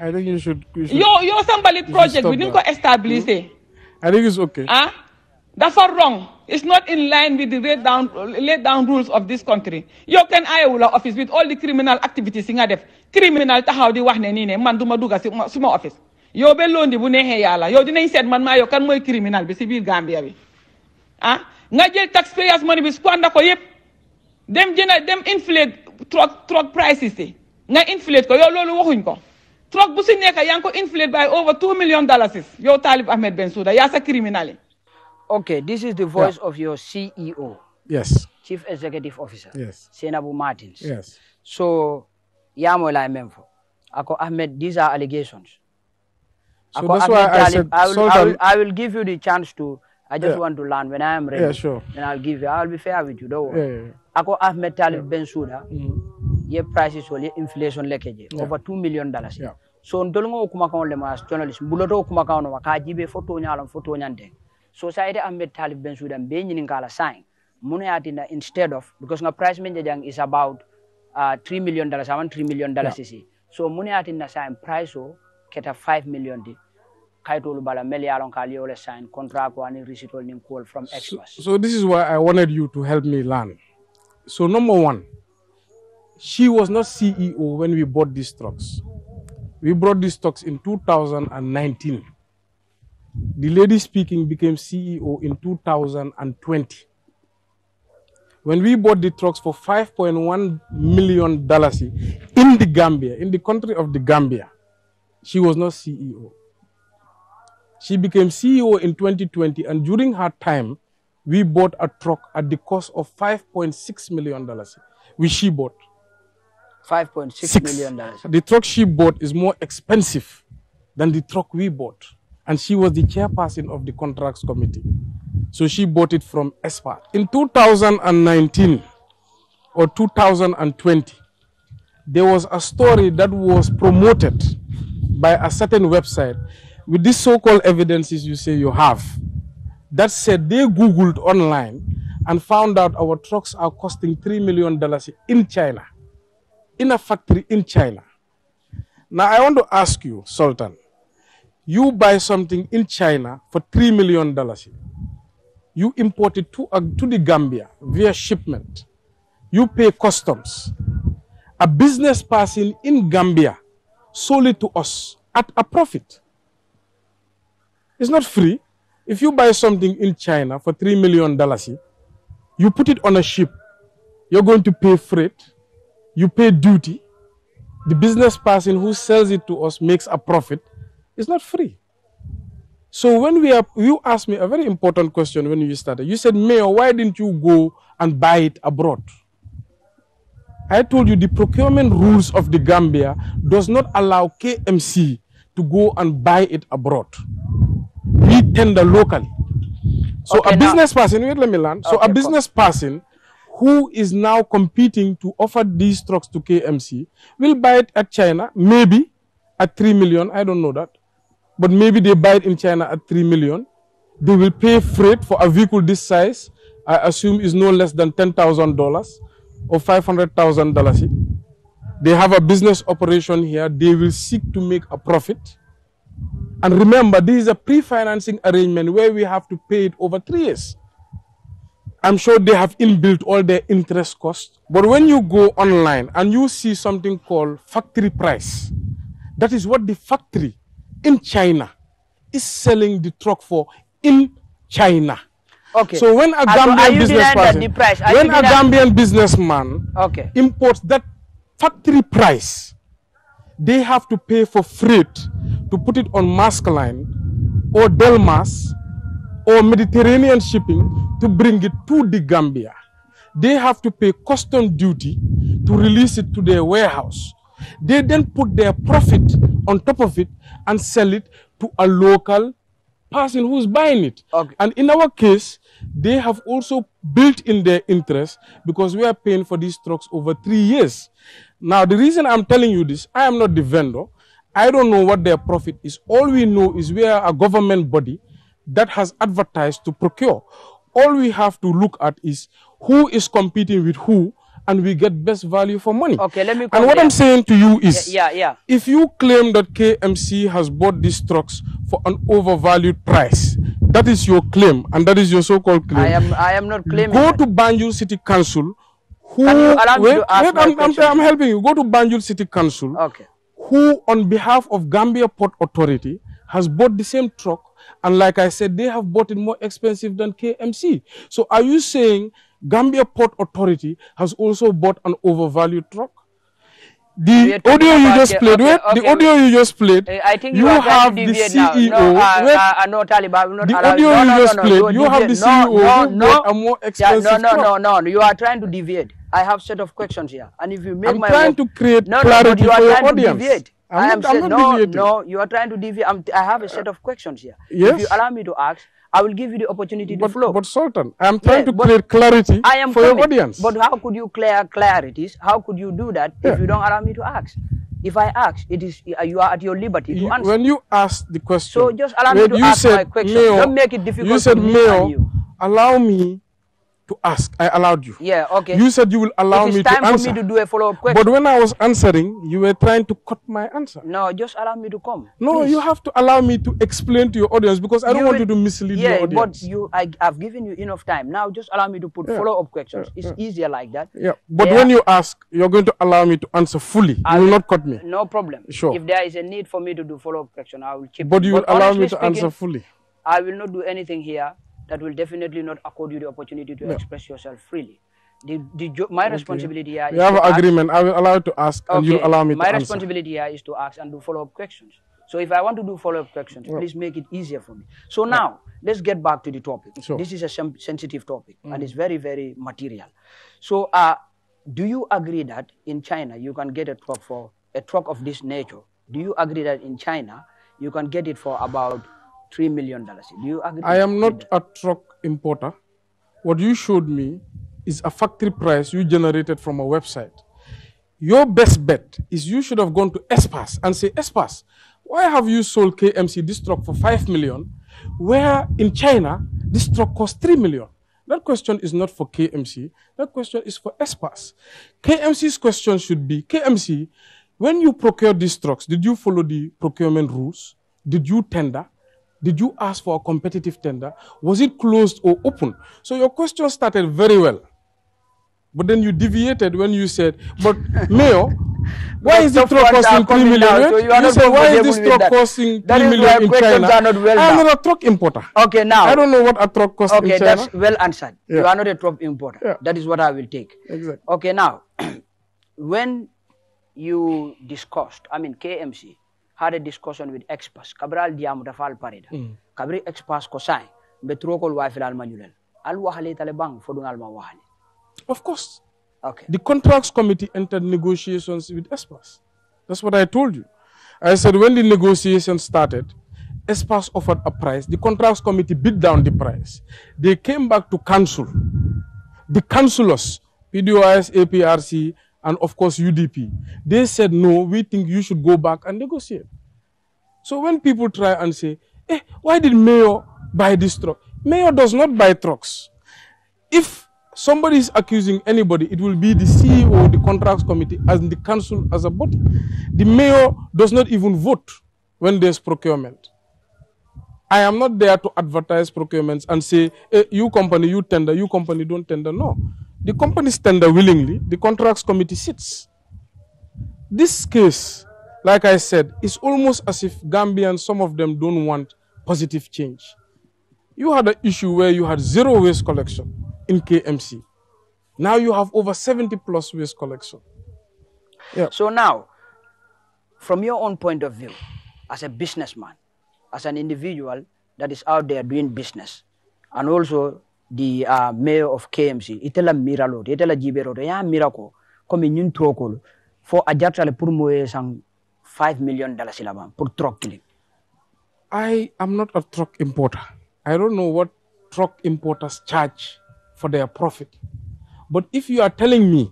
I think you should. You should yow yow sa mbalit projet bi ni nga ko stabiliser. I think it's okay. ah dafa wrong. it's not in line with the laid down rules of this country yow kenn aayewu la office with all the criminal activities yi nga def criminal taxaw di wax ne nii ne man du ma dugg si suma office. yow ba londi bu neexee yàlla yow dinañ seet man maa yow kan mooy criminal bi si biir Gambia bi ah nga jël taxpayers money bi squander ko yëpp dem jënd dem inflate truck truck prices yi nga inflate ko yow loolu waxuñ ko. Truck bu si nekk yaa ngi ko inflate by over two million dollars yow Talib Ahmed Bensouda yaa sa criminal yi. okay this is the voice of your CEO. yes chief executive officer. yes Senabu Martins. yes so yaa mooy laay même fo ako Ahmed these are allegations. So that's why I said, I will, I, will, I will give you the chance to, I just yeah. want to learn when I am ready. Yeah, sure. Then I'll give you, I'll be fair with you, don't worry. Yeah, yeah, yeah. Ako Ahmed Talib Ben Souda. mm -hmm. ye prices wol ye inflation leke je yeah. over 2 million dollars yeah. so ndolngo kuma kan le mas journalist buloto kuma kan no ka jibe photo nyalam photo nyande society ambe talib ben sudan be nyini kala sign mun ya tinda instead of because nga price men jang is about uh, 3 million dollars awan 3 million dollars yeah. isi so mun ya tinda sign price o keta 5 million di kaitolu bala meli alon kali ole sign contract wani receipt ol call from experts so, so this is why i wanted you to help me learn so number one she was not CEO when we bought these trucks. We bought these trucks in 2019. The lady speaking became CEO in 2020. When we bought the trucks for $5.1 million in the Gambia, in the country of the Gambia, she was not CEO. She became CEO in 2020, and during her time, we bought a truck at the cost of $5.6 million, which she bought. Five point six, six million dollars. The truck she bought is more expensive than the truck we bought, and she was the chairperson of the contracts committee. So she bought it from Espar. In 2019 or 2020, there was a story that was promoted by a certain website with these so-called evidences you say you have that said they googled online and found out our trucks are costing $3 million in China in a factory in China. Now, I want to ask you, Sultan, you buy something in China for $3 million. You import it to, uh, to the Gambia via shipment. You pay customs. A business person in Gambia sold it to us at a profit. It's not free. If you buy something in China for $3 million, you put it on a ship, you're going to pay freight, you pay duty, the business person who sells it to us makes a profit, it's not free. So when we are, you asked me a very important question when you started. You said, Mayor, why didn't you go and buy it abroad? I told you the procurement rules of the Gambia does not allow KMC to go and buy it abroad. We tender locally. So okay, a business now, person, wait, let me land. So okay, a business person who is now competing to offer these trucks to KMC will buy it at China, maybe at 3 million. I don't know that. But maybe they buy it in China at 3 million. They will pay freight for a vehicle this size, I assume is no less than $10,000 or $500,000. They have a business operation here. They will seek to make a profit. And remember, this is a pre-financing arrangement where we have to pay it over three years. I'm sure they have inbuilt all their interest costs. But when you go online and you see something called factory price, that is what the factory in China is selling the truck for in China. Okay. So when a Gambian business person, when a Gambian businessman okay. imports that factory price, they have to pay for freight to put it on Mask Line or Delmas or Mediterranean shipping to bring it to the Gambia. They have to pay custom duty to release it to their warehouse. They then put their profit on top of it and sell it to a local person who's buying it. Okay. And in our case, they have also built in their interest because we are paying for these trucks over three years. Now, the reason I'm telling you this, I am not the vendor. I don't know what their profit is. All we know is we are a government body that has advertised to procure. All we have to look at is who is competing with who and we get best value for money. Okay, let me. And what there. I'm saying to you is, yeah, yeah, yeah. If you claim that KMC has bought these trucks for an overvalued price, that is your claim, and that is your so-called claim. I am, I am not claiming. Go that. to Banjul City Council. Who? Wait, wait, I'm, I'm, I'm, helping you. Go to Banjul City Council. Okay. Who, on behalf of Gambia Port Authority, has bought the same truck and like I said, they have bought it more expensive than KMC. So are you saying Gambia Port Authority has also bought an overvalued truck? The audio you just okay, played, okay, wait, okay, the audio you just played, eh, I think you, you have the CEO, no, uh, wait, uh, uh no, Talib, the audio you just played, you have the CEO who bought a more expensive yeah, No, no, truck. no, no, you are trying to deviate. I have set of questions here. And if you make I'm my trying work, to create no, clarity no, but you are for your audience. To deviate. I'm I am not, saying, no, deviating. no, you are trying to deviate. Um, i have a set of questions here. Yes. If you allow me to ask, I will give you the opportunity to. but, to flow. But Sultan, I am trying yeah, to create clarity I am for coming. your audience. But how could you clear clarities? How could you do that yeah. if you don't allow me to ask? If I ask, it is uh, you are at your liberty to you, answer. When you ask the question, so just allow me to ask my question. don't make it difficult. You said, Mayo, you. allow me to ask. I allowed you. Yeah, okay. You said you will allow me to answer. It's time for me to do a follow-up question. But when I was answering, you were trying to cut my answer. No, just allow me to come. No, Please. you have to allow me to explain to your audience because I you don't will, want you to mislead yeah, your audience. Yeah, but you, I, have given you enough time. Now just allow me to put yeah, follow-up questions. Yeah, it's easier like that. Yeah, but when you ask, you're going to allow me to answer fully. I you will, will not cut me. No problem. Sure. If there is a need for me to do follow-up question, I will keep But you will but allow me to speaking, answer fully. I will not do anything here that will definitely not accord you the opportunity to express yourself freely. The, the my responsibility here is. We have an ask. agreement. I will allow you to ask okay. and you allow me my to My responsibility answer. here is to ask and do follow up questions. So if I want to do follow up questions, please make it easier for me. So now, let's get back to the topic. This is a sensitive topic mm. and it's very, very material. So, uh, do you agree that in China you can get a truck for a truck of this nature? Do you agree that in China you can get it for about three million dollars. Do you agree? I am not a truck importer. What you showed me is a factory price you generated from a website. Your best bet is you should have gone to Espas and say, Espas, why have you sold KMC this truck for five million, where in China this truck costs three million? That question is not for KMC. That question is for Espas. KMC's question should be, KMC, when you procured these trucks, did you follow the procurement rules? Did you tender? Did you ask for a competitive tender? Was it closed or open? So your question started very well. But then you deviated when you said, but [laughs] Mayor, why is the truck costing 3 million? Now, so you, you said, why is this truck costing 3 that is million in China? Are not well I'm now. not a truck importer. Okay, now. I don't know what a truck costs okay, in China. Okay, that's well answered. Yeah. You are not a truck importer. Yeah. That is what I will take. Exactly. Okay, now, [clears throat] when you discussed, I mean, KMC, had a discussion with experts Cabral diam da fal parida mm. experts ko sai be trokol wa filal manulen al wahale tale bang fodun al ma wahale of course okay the contracts committee entered negotiations with experts that's what i told you i said when the negotiations started experts offered a price the contracts committee bid down the price they came back to council the councillors pdis aprc and of course UDP. They said, no, we think you should go back and negotiate. So when people try and say, eh, why did Mayor buy this truck? Mayor does not buy trucks. If somebody is accusing anybody, it will be the CEO, the contracts committee, and the council as a body. The mayor does not even vote when there's procurement. I am not there to advertise procurements and say, hey, eh, you company, you tender, you company, don't tender. No. The companies tender willingly, the contracts committee sits. This case, like I said, is almost as if Gambians, some of them don't want positive change. You had an issue where you had zero waste collection in KMC. Now you have over 70 plus waste collection. Yeah. So now, from your own point of view, as a businessman, as an individual that is out there doing business, and also the uh, mayor of KMC itela Miralodi. itela jibero ya mirako ko komi ñun trokol fo a jartale pour moye sang 5 million dollars laban pour truck kili I am not a truck importer I don't know what truck importers charge for their profit but if you are telling me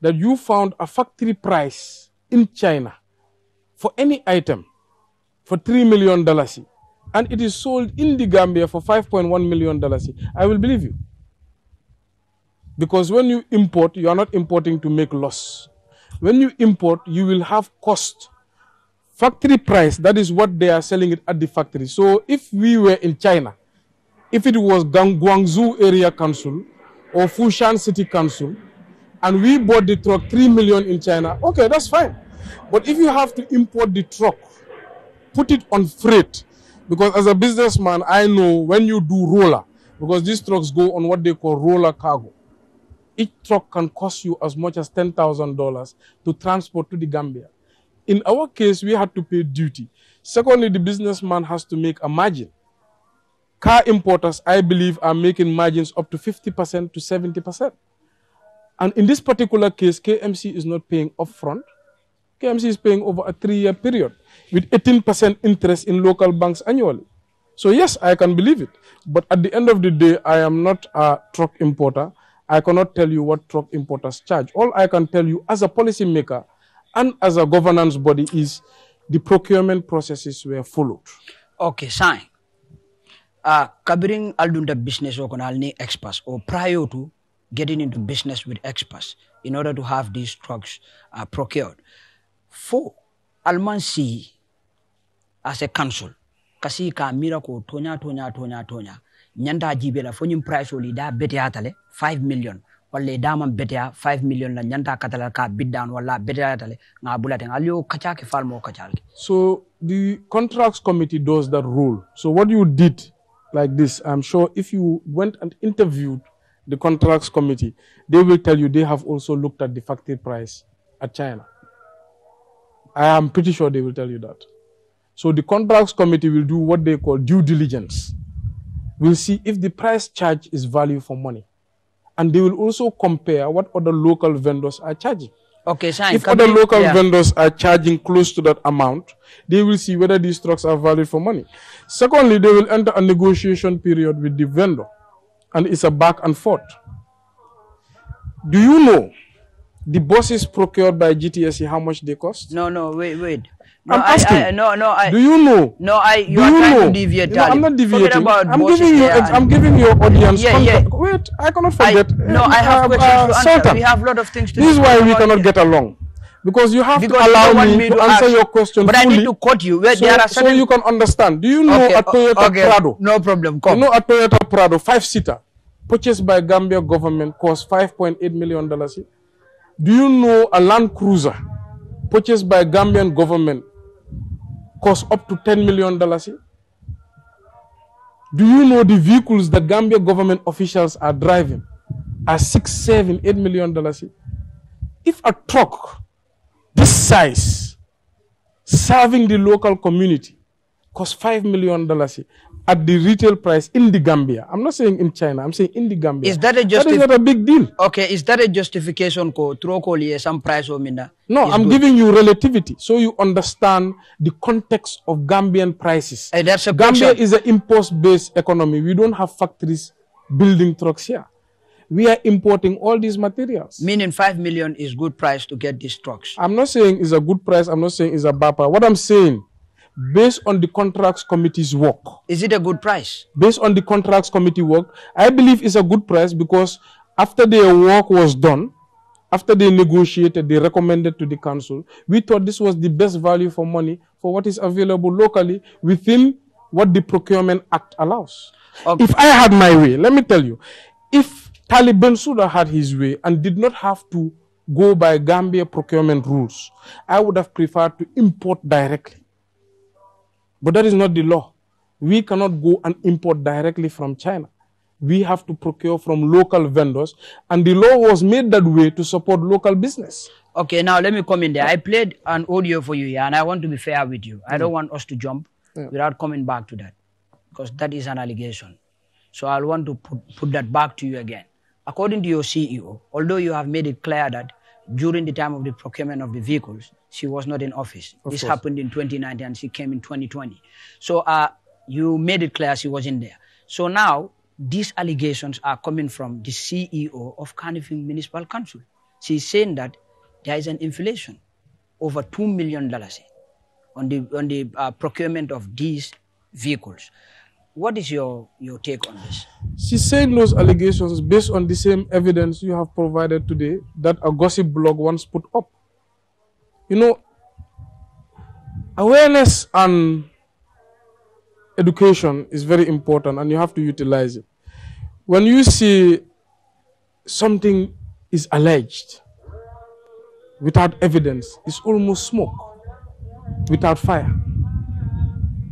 that you found a factory price in China for any item for 3 million dollars and it is sold in the Gambia for $5.1 million, I will believe you. Because when you import, you are not importing to make loss. When you import, you will have cost. Factory price, that is what they are selling it at the factory. So if we were in China, if it was Guangzhou Area Council or Fushan City Council, and we bought the truck 3 million in China, okay, that's fine. But if you have to import the truck, put it on freight, because as a businessman, I know when you do roller, because these trucks go on what they call roller cargo. Each truck can cost you as much as $10,000 to transport to the Gambia. In our case, we had to pay duty. Secondly, the businessman has to make a margin. Car importers, I believe, are making margins up to 50% to 70%. And in this particular case, KMC is not paying upfront. KMC is paying over a three-year period with 18% interest in local banks annually. So yes, I can believe it. But at the end of the day, I am not a truck importer. I cannot tell you what truck importers charge. All I can tell you as a policymaker and as a governance body is the procurement processes were followed. Okay, sign. Uh, ah, covering all Aldunda business or Konalni experts or prior to getting into business with experts in order to have these trucks uh, procured fo almasihi as a council kasi ka mira ko tonya tonya tonya tonya nyanda jibe la fo nyim price oli da bete atale 5 million walla e daman beteya 5 million la ñanta katalal ka biddan walla beteyatale ga bulaten aliyo kacake falmo kacalke so the contracts committee does that rule so what you did like this i'm sure if you went and interviewed the contracts committee they will tell you they have also looked at the factory price at china I am pretty sure they will tell you that. So the contracts committee will do what they call due diligence. We'll see if the price charged is value for money. And they will also compare what other local vendors are charging. Okay, Shine, if other local yeah. vendors are charging close to that amount, they will see whether these trucks are valid for money. Secondly, they will enter a negotiation period with the vendor, and it's a back and forth. Do you know the buses procured by GTSC, how much they cost? No, no, wait, wait. No, I'm asking. I, I, no, no, I. Do you know? No, I. You do are you trying know? to deviate. No, I'm not deviating. about I'm giving you. And, I'm giving your audience. Yeah, yeah. Wait, I cannot forget. I, no, I have uh, questions uh, to answer. We have a lot of things to. This is why we cannot yet. get along. Because you have because to allow me, me, to, answer ask. your question But fully, I need to quote you. Where so, there are certain... so you can understand. Do you know okay, a Toyota okay, Prado? No problem. Come. You know a Toyota Prado, five-seater, purchased by Gambia government, cost $5.8 million dollars do you know a Land Cruiser purchased by Gambian government costs up to $10 million? Do you know the vehicles that Gambia government officials are driving are six, seven, eight million dollars? If a truck this size serving the local community costs five million dollars, at the retail price in the Gambia. I'm not saying in China. I'm saying in the Gambia. Is that a that is not a big deal. Okay, is that a justification ko troko liye some price omina? No, I'm good. giving you relativity so you understand the context of Gambian prices. Hey, that's a Gambia is an import-based economy. We don't have factories building trucks here. We are importing all these materials. Meaning five million is good price to get these trucks. I'm not saying it's a good price. I'm not saying it's a bad price. What I'm saying based on the contracts committee's work. Is it a good price? Based on the contracts committee work, I believe it's a good price because after their work was done, after they negotiated, they recommended to the council, we thought this was the best value for money for what is available locally within what the Procurement Act allows. Okay. If I had my way, let me tell you, if Taliban Suda had his way and did not have to go by Gambia procurement rules, I would have preferred to import directly but that is not the law. We cannot go and import directly from China. We have to procure from local vendors. And the law was made that way to support local business. Okay, now let me come in there. I played an audio for you here, and I want to be fair with you. I mm. don't want us to jump yeah. without coming back to that, because that is an allegation. So I want to put, put that back to you again. According to your CEO, although you have made it clear that during the time of the procurement of the vehicles, she was not in office. Of this course. happened in 2019 and she came in 2020. So uh, you made it clear she wasn't there. So now these allegations are coming from the CEO of Carnifing Municipal Council. She's saying that there is an inflation over $2 million on the, on the uh, procurement of these vehicles. What is your, your take on this? She's saying those allegations based on the same evidence you have provided today that a gossip blog once put up. You know, awareness and education is very important and you have to utilize it. When you see something is alleged without evidence, it's almost smoke without fire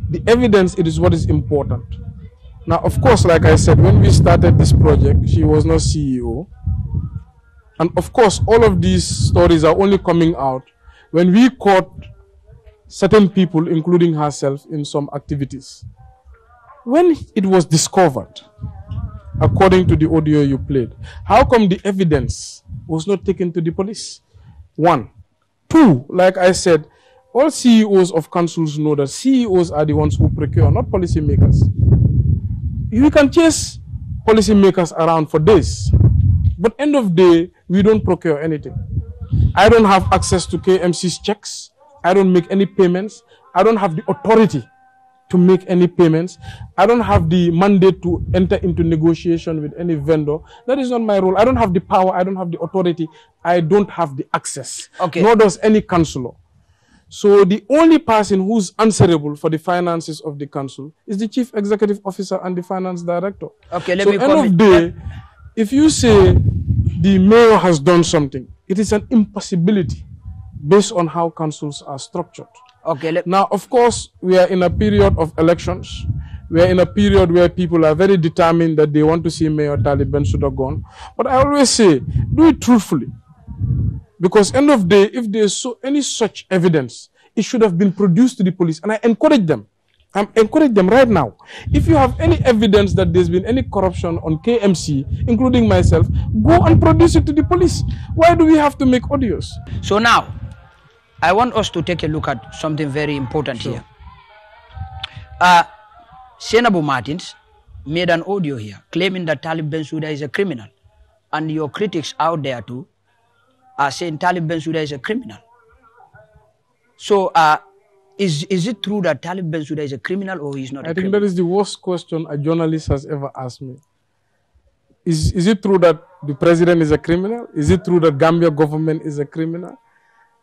the evidence it is what is important. Now, of course, like I said, when we started this project, she was not CEO. And of course, all of these stories are only coming out when we caught certain people, including herself, in some activities. When it was discovered, according to the audio you played, how come the evidence was not taken to the police? One. Two, like I said, all CEOs of councils know that CEOs are the ones who procure, not policymakers. You can chase policymakers around for days, but end of day, we don't procure anything. I don't have access to KMC's checks. I don't make any payments. I don't have the authority to make any payments. I don't have the mandate to enter into negotiation with any vendor. That is not my role. I don't have the power. I don't have the authority. I don't have the access. Okay. Nor does any councillor. So the only person who's answerable for the finances of the council is the chief executive officer and the finance director. Okay, let so me end of day, if you say the mayor has done something, it is an impossibility based on how councils are structured. Okay. now, of course, we are in a period of elections. We are in a period where people are very determined that they want to see Mayor Taliban have gone. But I always say, do it truthfully. Because end of day, if there's so any such evidence, it should have been produced to the police. And I encourage them. I encourage them right now. If you have any evidence that there's been any corruption on KMC, including myself, go and produce it to the police. Why do we have to make audios? So now, I want us to take a look at something very important sure. here. Uh, Senabo Martins made an audio here claiming that Talib Bensouda is a criminal. And your critics out there too uh, saying Talib Bensouda is a criminal. So uh, is, is it true that Talib Bensouda is a criminal or he's not I think that is the worst question a journalist has ever asked me. Is, is it true that the president is a criminal? Is it true that Gambia government is a criminal?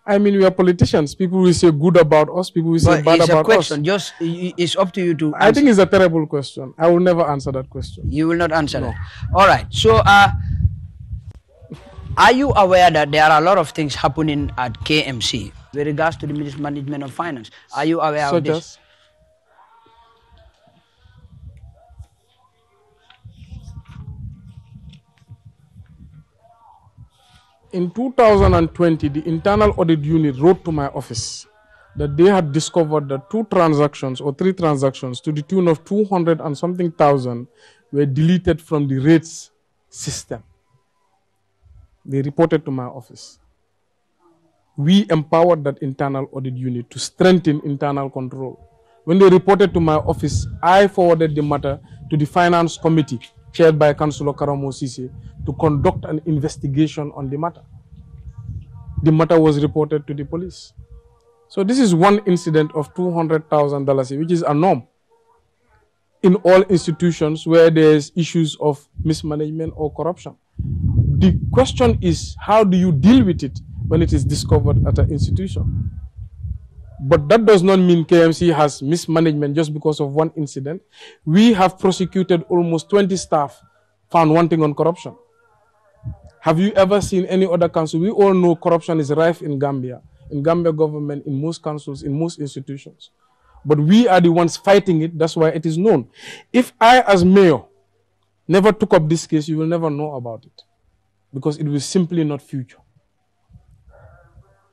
I mean, we are politicians. People will say good about us. People will say but bad about us. It's a question. Us. Just it's up to you to. I think it's a terrible question. I will never answer that question. You will not answer no. that. All right. So, uh, are you aware that there are a lot of things happening at KMC with regards to the mismanagement of finance? Are you aware of this? In 2020, the internal audit unit wrote to my office that they had discovered that two transactions or three transactions to the tune of 200 and something thousand were deleted from the rates system. They reported to my office. We empowered that internal audit unit to strengthen internal control. When they reported to my office, I forwarded the matter to the Finance Committee, chaired by Councillor Karamo Sisi, to conduct an investigation on the matter. The matter was reported to the police. So this is one incident of $200,000, which is a norm in all institutions where there's issues of mismanagement or corruption. The question is, how do you deal with it when it is discovered at an institution? But that does not mean KMC has mismanagement just because of one incident. We have prosecuted almost 20 staff found wanting on corruption. Have you ever seen any other council? We all know corruption is rife in Gambia, in Gambia government, in most councils, in most institutions. But we are the ones fighting it. That's why it is known. If I, as mayor, never took up this case, you will never know about it because it was simply not future.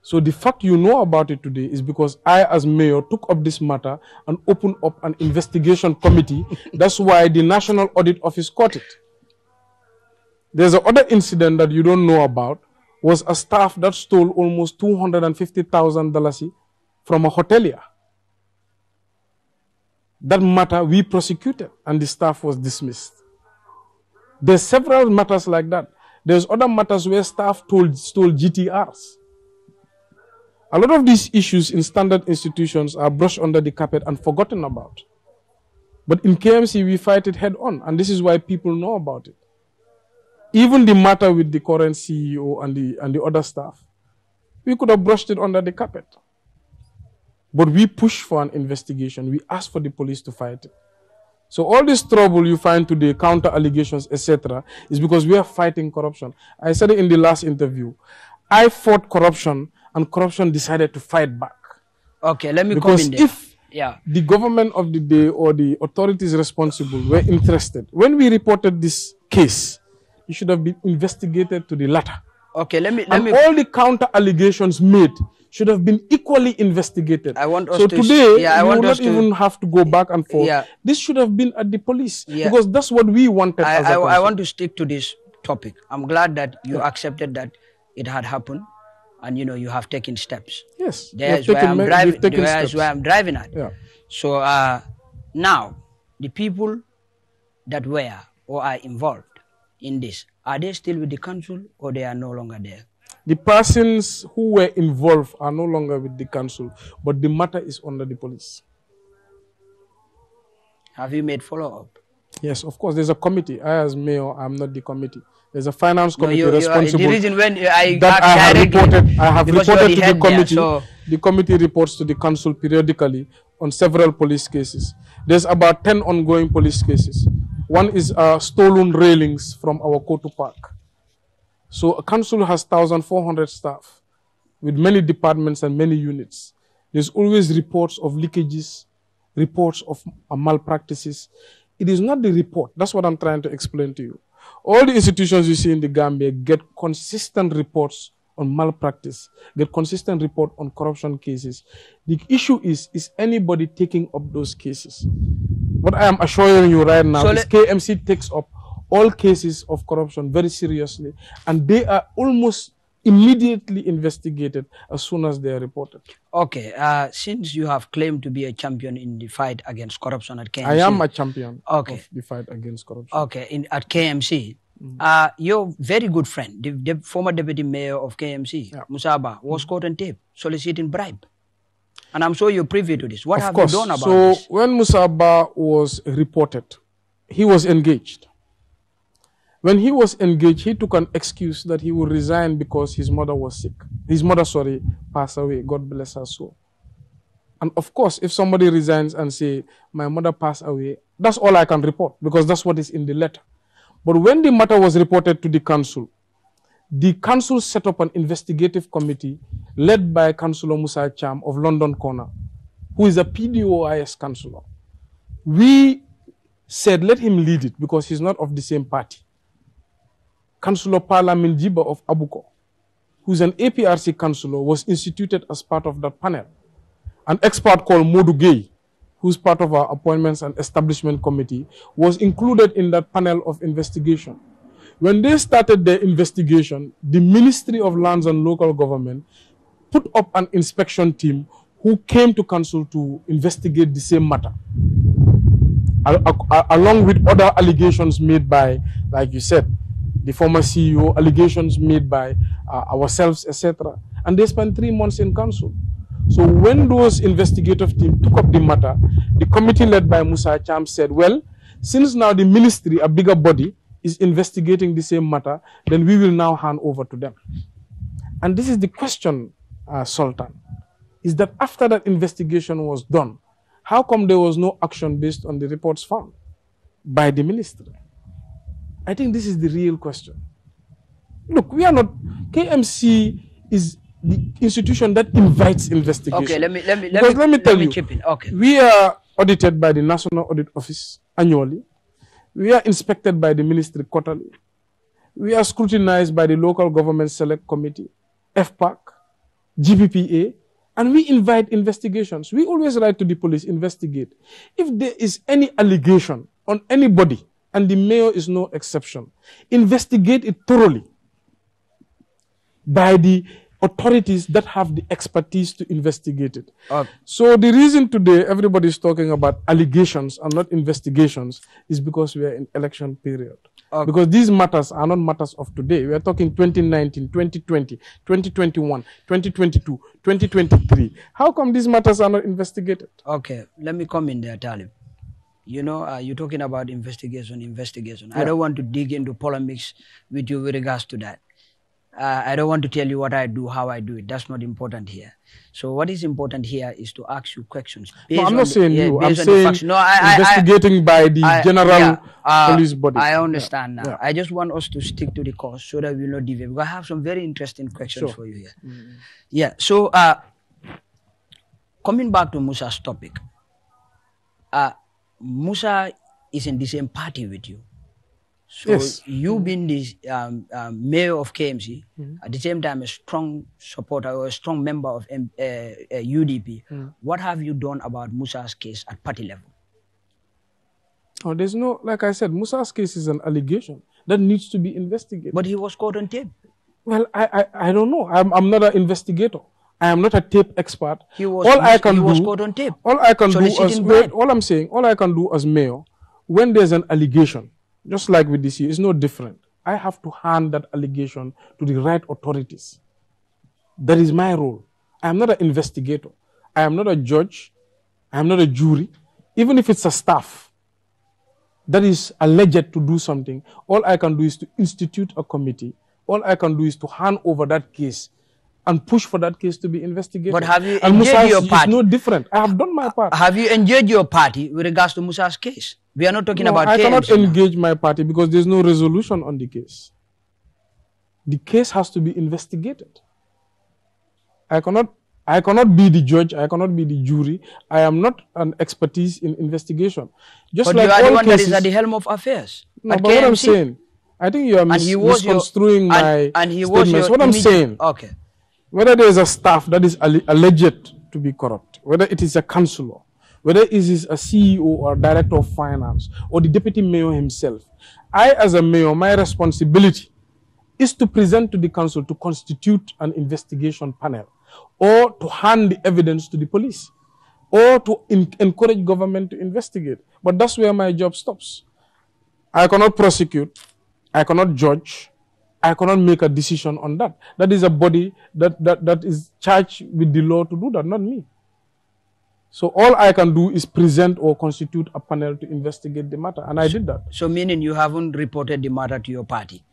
So the fact you know about it today is because I, as mayor, took up this matter and opened up an investigation committee. [laughs] That's why the National Audit Office caught it. There's another incident that you don't know about was a staff that stole almost $250,000 from a hotelier. That matter we prosecuted and the staff was dismissed. There's several matters like that. There's other matters where staff told, stole GTRs. A lot of these issues in standard institutions are brushed under the carpet and forgotten about. But in KMC, we fight it head on, and this is why people know about it. Even the matter with the current CEO and the, and the other staff, we could have brushed it under the carpet. But we push for an investigation, we ask for the police to fight it. So all this trouble you find today, counter allegations, etc., is because we are fighting corruption. I said it in the last interview. I fought corruption, and corruption decided to fight back. Okay, let me because come in there. if yeah. the government of the day or the authorities responsible were interested, when we reported this case, it should have been investigated to the latter. Okay, let me. Let and me... all the counter allegations made should have been equally investigated. I want us so today, yeah, I want not to... even have to go back and forth. Yeah. This should have been at the police yeah. because that's what we wanted. I, I, want to stick to this topic. I'm glad that you yeah. accepted that it had happened and you know you have taken steps. Yes, there is where I'm driving. There is steps. where I'm driving at. Yeah. So uh, now the people that were or are involved in this are they still with the council or they are no longer there? The persons who were involved are no longer with the council, but the matter is under the police. Have you made follow up? Yes, of course. There's a committee. I, as mayor, I'm not the committee. There's a finance committee no, you, responsible. You are, the reason when uh, I that I have reported, I have reported to the committee. There, so. The committee reports to the council periodically on several police cases. There's about 10 ongoing police cases. One is uh, stolen railings from our Koto Park. So a council has 1,400 staff with many departments and many units. There's always reports of leakages, reports of uh, malpractices. It is not the report. That's what I'm trying to explain to you. All the institutions you see in the Gambia get consistent reports on malpractice, get consistent report on corruption cases. The issue is, is anybody taking up those cases? What I am assuring you right now so is KMC takes up all cases of corruption very seriously, and they are almost immediately investigated as soon as they are reported. Okay, uh, since you have claimed to be a champion in the fight against corruption at KMC, I am a champion. Okay, of the fight against corruption. Okay, in at KMC. Mm -hmm. Uh, your very good friend, the, the former deputy mayor of KMC, yeah. Musaba, was mm -hmm. caught on tape soliciting bribe. And I'm sure you're privy to this. What of have course. you done about so this? So when Musaba was reported, he was engaged when he was engaged, he took an excuse that he would resign because his mother was sick. His mother, sorry, passed away. God bless her soul. And of course, if somebody resigns and say, my mother passed away, that's all I can report because that's what is in the letter. But when the matter was reported to the council, the council set up an investigative committee led by Councillor Musa Cham of London Corner, who is a PDOIS councillor. We said, let him lead it because he's not of the same party. Councillor Pala Miljiba of Abuko, who's an APRC councillor, was instituted as part of that panel. An expert called Modu Gay, who's part of our appointments and establishment committee, was included in that panel of investigation. When they started their investigation, the Ministry of Lands and Local Government put up an inspection team who came to council to investigate the same matter along with other allegations made by, like you said, the former CEO, allegations made by uh, ourselves, etc. And they spent three months in council. So when those investigative team took up the matter, the committee led by Musa Cham said, well, since now the ministry, a bigger body, is investigating the same matter, then we will now hand over to them. And this is the question, uh, Sultan, is that after that investigation was done, how come there was no action based on the reports found by the ministry? I think this is the real question. Look, we are not, KMC is the institution that invites investigation. Okay, let me, let me, let because me, let me tell let me you, in. Okay. we are audited by the National Audit Office annually. We are inspected by the ministry quarterly. We are scrutinized by the Local Government Select Committee, FPAC, GBPA, and we invite investigations. We always write to the police, investigate. If there is any allegation on anybody and the mayor is no exception. Investigate it thoroughly by the authorities that have the expertise to investigate it. Uh, so the reason today everybody is talking about allegations and not investigations is because we are in election period. Uh, because these matters are not matters of today. We are talking 2019, 2020, 2021, 2022, 2023. How come these matters are not investigated? Okay, let me come in there, Talib. You know, uh, you're talking about investigation, investigation. Yeah. I don't want to dig into polemics with you with regards to that. Uh, I don't want to tell you what I do, how I do it. That's not important here. So what is important here is to ask you questions. No, I'm not saying the, you. Yeah, I'm saying no, I, investigating I, by the general yeah, uh, police body. I understand yeah, now. I just want us to stick to the course so that we'll not deviate. Because I have some very interesting questions sure. for you here. Mm -hmm. Yeah. So uh, coming back to Musa's topic, uh, Musa is in the same party with you. So yes. you being the um, um mayor of KMC, mm-hmm. at the same time a strong supporter or a strong member of M- uh, uh, UDP, mm. what have you done about Musa's case at party level? Oh, there's no, like I said, Musa's case is an allegation that needs to be investigated. But he was caught on tape. Well, I, I, I don't know. I'm, I'm not an investigator. I am not a tape expert. He was, all I can he do, was caught on tape. All I can do as bribe. all I'm saying, all I can do as mayor, when there's an allegation, just like with this year, it's no different. I have to hand that allegation to the right authorities. That is my role. I am not an investigator. I am not a judge. I am not a jury. Even if it's a staff that is alleged to do something, all I can do is to institute a committee. All I can do is to hand over that case and push for that case to be investigated. But have you and Musa's, your party? no different. I have done my part. Have you engaged your party with regards to Musa's case? We are not talking no, about. I cannot engage my party because there's no resolution on the case. The case has to be investigated. I cannot. I cannot be the judge. I cannot be the jury. I am not an expertise in investigation. Just but like you are all the one cases, that is at the helm of affairs. No, but KMC. what I'm saying, I think you are mis- misconstruing your, my and, and statements. what I'm saying, okay whether there is a staff that is alleged to be corrupt, whether it is a councillor, whether it is a CEO or director of finance or the deputy mayor himself, I as a mayor, my responsibility is to present to the council to constitute an investigation panel or to hand the evidence to the police or to encourage government to investigate. But that's where my job stops. I cannot prosecute. I cannot judge. I cannot make a decision on that. That is a body that, that, that is charged with the law to do that, not me. So all I can do is present or constitute a panel to investigate the matter, and I so, did that. So meaning you haven't reported the matter to your party?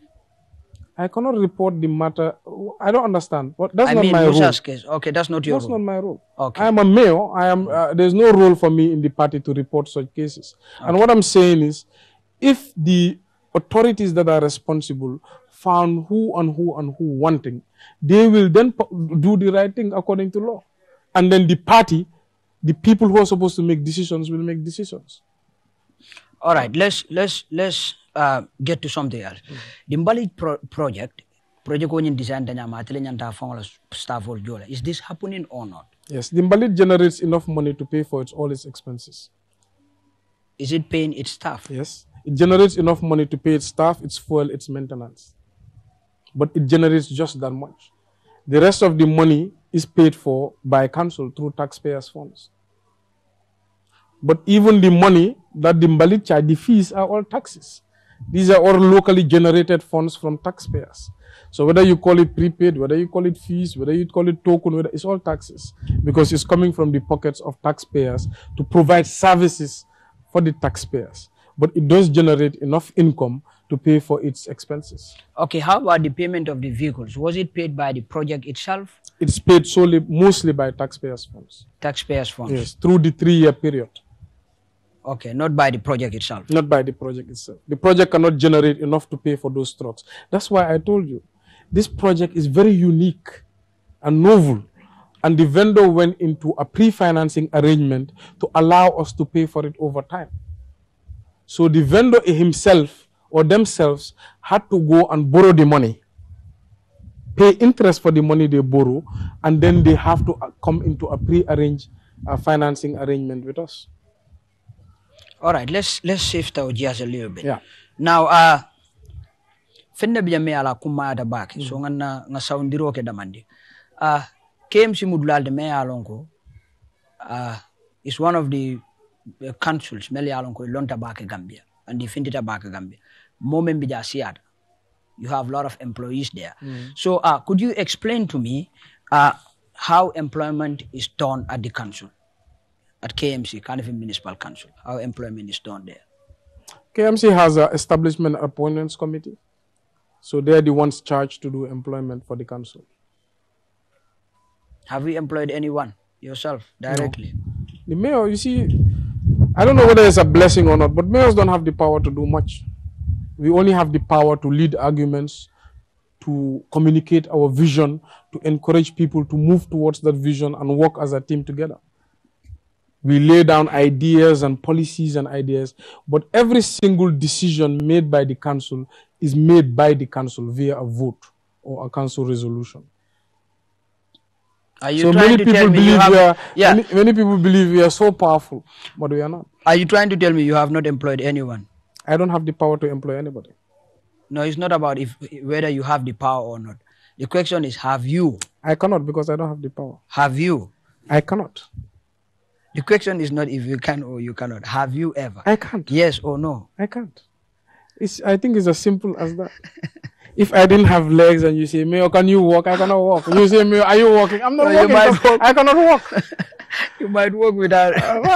I cannot report the matter. I don't understand. that's I not mean, my role. Case. Okay, that's not your that's role. That's not my role. Okay. I am a mayor. I am. Uh, there's no role for me in the party to report such cases. Okay. And what I'm saying is, if the authorities that are responsible found who and who and who wanting. They will then do the right thing according to law. And then the party, the people who are supposed to make decisions will make decisions. All right, let's let's let's uh, get to something else. Mm -hmm. The Mbali pro- project, project when design is this happening or not? Yes, the Mbali generates enough money to pay for its, all its expenses. Is it paying its staff? Yes, it generates enough money to pay its staff, its fuel, its maintenance but it generates just that much. The rest of the money is paid for by council through taxpayers' funds. But even the money that the Mbalit charge, the fees are all taxes. These are all locally generated funds from taxpayers. So whether you call it prepaid, whether you call it fees, whether you call it token, whether, it's all taxes because it's coming from the pockets of taxpayers to provide services for the taxpayers. But it does generate enough income to pay for its expenses. Okay, how about the payment of the vehicles? Was it paid by the project itself? It's paid solely, mostly by taxpayers' funds. Taxpayers' funds? Yes, through the three-year period. Okay, not by the project itself? Not by the project itself. The project cannot generate enough to pay for those trucks. That's why I told you, this project is very unique and novel. And the vendor went into a pre-financing arrangement to allow us to pay for it over time. So the vendor himself or themselves had to go and borrow the money, pay interest for the money they borrow, and then they have to uh, come into a pre-arranged uh, financing arrangement with us. All right, let's let's shift our gears a little bit. Yeah. Now, uh, fenne bija me ala kuma ada back, so ngana mm. nga soundiro ke damandi. Uh, KMC mudulal de me alonko uh, is one of the uh, councils mele alonko lonta back Gambia and defendita back Gambia. Moment Bijasiad. You have a lot of employees there. Mm. So uh, could you explain to me uh, how employment is done at the council, at KMC, Carnival Municipal Council, how employment is done there? KMC has an establishment appointments committee. So they're the ones charged to do employment for the council. Have you employed anyone yourself directly? No. The mayor, you see, I don't know whether it's a blessing or not, but mayors don't have the power to do much. We only have the power to lead arguments, to communicate our vision, to encourage people to move towards that vision and work as a team together. We lay down ideas and policies and ideas, but every single decision made by the council is made by the council via a vote or a council resolution. Are you so trying many to people tell me believe have, we are, yeah. many, many people believe we are so powerful, but we are not. Are you trying to tell me you have not employed anyone? I don't have the power to employ anybody. No, it's not about if whether you have the power or not. The question is, have you? I cannot because I don't have the power. Have you? I cannot. The question is not if you can or you cannot. Have you ever? I can't. Yes or no? I can't. It's, I think it's as simple as that. [laughs] if I didn't have legs and you say, Mayo, can you walk? I cannot walk. You say, Mayo, are you walking? I'm not no, walking. [laughs] I cannot walk. [laughs] [laughs] you might work with Uh,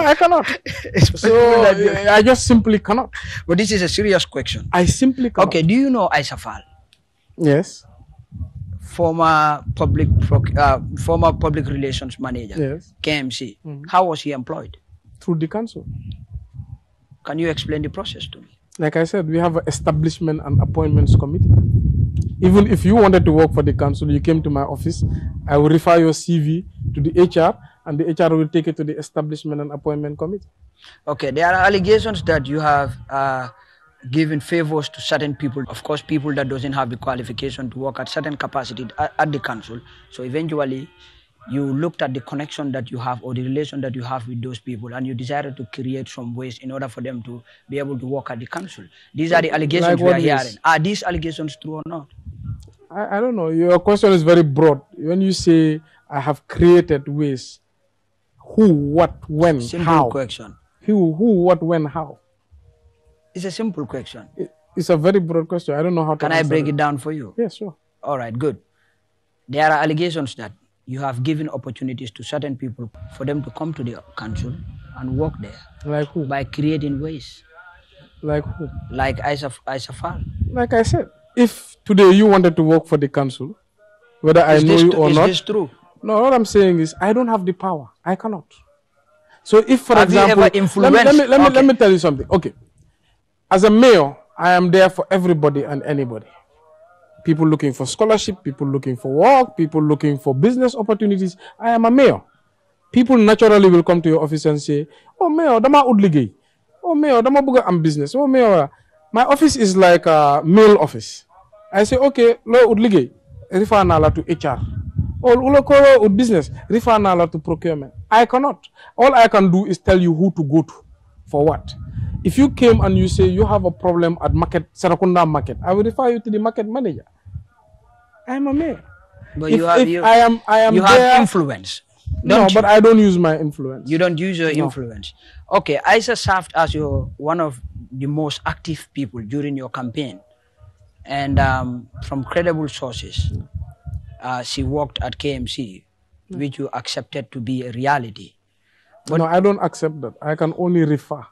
[laughs] I cannot. [laughs] so I just simply cannot. But this is a serious question. I simply cannot. Okay, do you know Isafal? Yes. Former public uh, former public relations manager. Yes. KMC. Mm -hmm. How was he employed? Through the council. Can you explain the process to me? Like I said, we have an establishment and appointments committee. Even if you wanted to work for the council, you came to my office, I will refer your CV to the HR and the HR will take it to the establishment and appointment committee. Okay, there are allegations that you have uh, given favors to certain people. Of course, people that doesn't have the qualification to work at certain capacity at, at the council. So eventually, you looked at the connection that you have or the relation that you have with those people and you decided to create some ways in order for them to be able to work at the council. These are the allegations like we are hearing. Are these allegations true or not? I, I don't know. Your question is very broad. When you say, I have created ways, who, what, when, simple how? question. Who, who, what, when, how? It's a simple question. It, it's a very broad question. I don't know how Can to. Can I break it. down for you? Yes, yeah, sure. All right, good. There are allegations that you have given opportunities to certain people for them to come to the council and work there. Like who? By creating ways. Like who? Like Isaf- Isafal. Like I said, if today you wanted to work for the council, whether is I know you or is not. Is this true? No, what I'm saying is I don't have the power. I cannot. So if, for have example, let me, let me, let, me, okay. let me tell you something. Okay. As a mayor, I am there for everybody and anybody. People looking for scholarship, people looking for work, people looking for business opportunities. I am a mayor. People naturally will come to your office and say, Oh, mayor, dama udligi." Oh, mayor, dama buga am business. Oh, mayor, my office is like a mail office. I say, Okay, lo udligay. Refer to HR. Or Ulokoro or business, refer now to procurement. I cannot. All I can do is tell you who to go to for what. If you came and you say you have a problem at market, Sarakunda market, I will refer you to the market manager. I am a mayor. But if, you have, you, I am, I am you have influence. No, you? but I don't use my influence. You don't use your no. influence. Okay, Isa served as your one of the most active people during your campaign, and um, from credible sources. Mm uh, she worked at KMC, which you accepted to be a reality. But no, I don't accept that. I can only refer.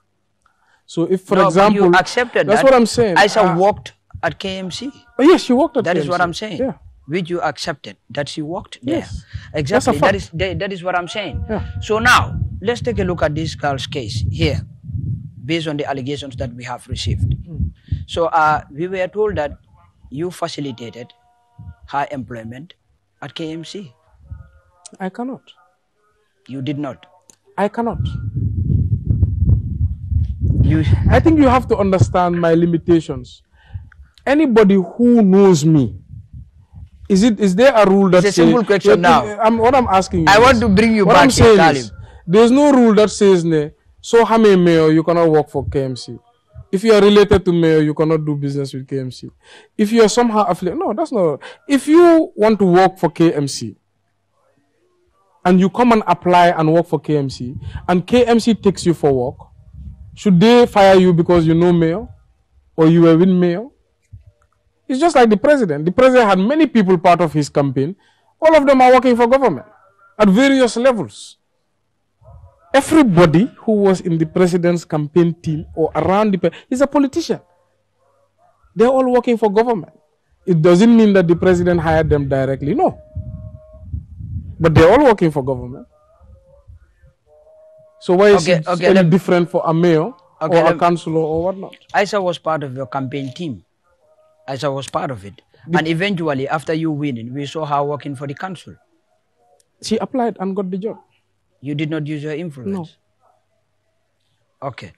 So if, for no, example, you accepted that's that. what I'm saying. I uh, worked at KMC. Oh, yes, she worked at. That KMC. what I'm saying. Yeah. Which you accepted that she worked there. Yes. Exactly. That is that is what I'm saying. Yeah. So now let's take a look at this girl's case here, based on the allegations that we have received. Mm. So uh, we were told that you facilitated her employment at KMC? I cannot. You did not? I cannot. You... I think you have to understand my limitations. Anybody who knows me, is it is there a rule that it's a simple says, question now? I'm, what I'm asking you. I is, want to bring you what back. I'm saying is, there's no rule that says, ne, so how many mayor you cannot work for KMC. If you are related to mayor, you cannot do business with KMC. If you are somehow affiliated, no, that's not. If you want to work for KMC and you come and apply and work for KMC and KMC takes you for work, should they fire you because you know mayor or you were with mayor? It's just like the president. The president had many people part of his campaign. All of them are working for government at various levels. Everybody who was in the president's campaign team or around the is a politician. They're all working for government. It doesn't mean that the president hired them directly, no. But they're all working for government. So why is okay, it okay, any different for a mayor okay, or a councillor or whatnot? Isa was part of your campaign team. Isa was part of it. The, and eventually, after you winning, we saw her working for the council. She applied and got the job. You did not use your influence? No. Okay.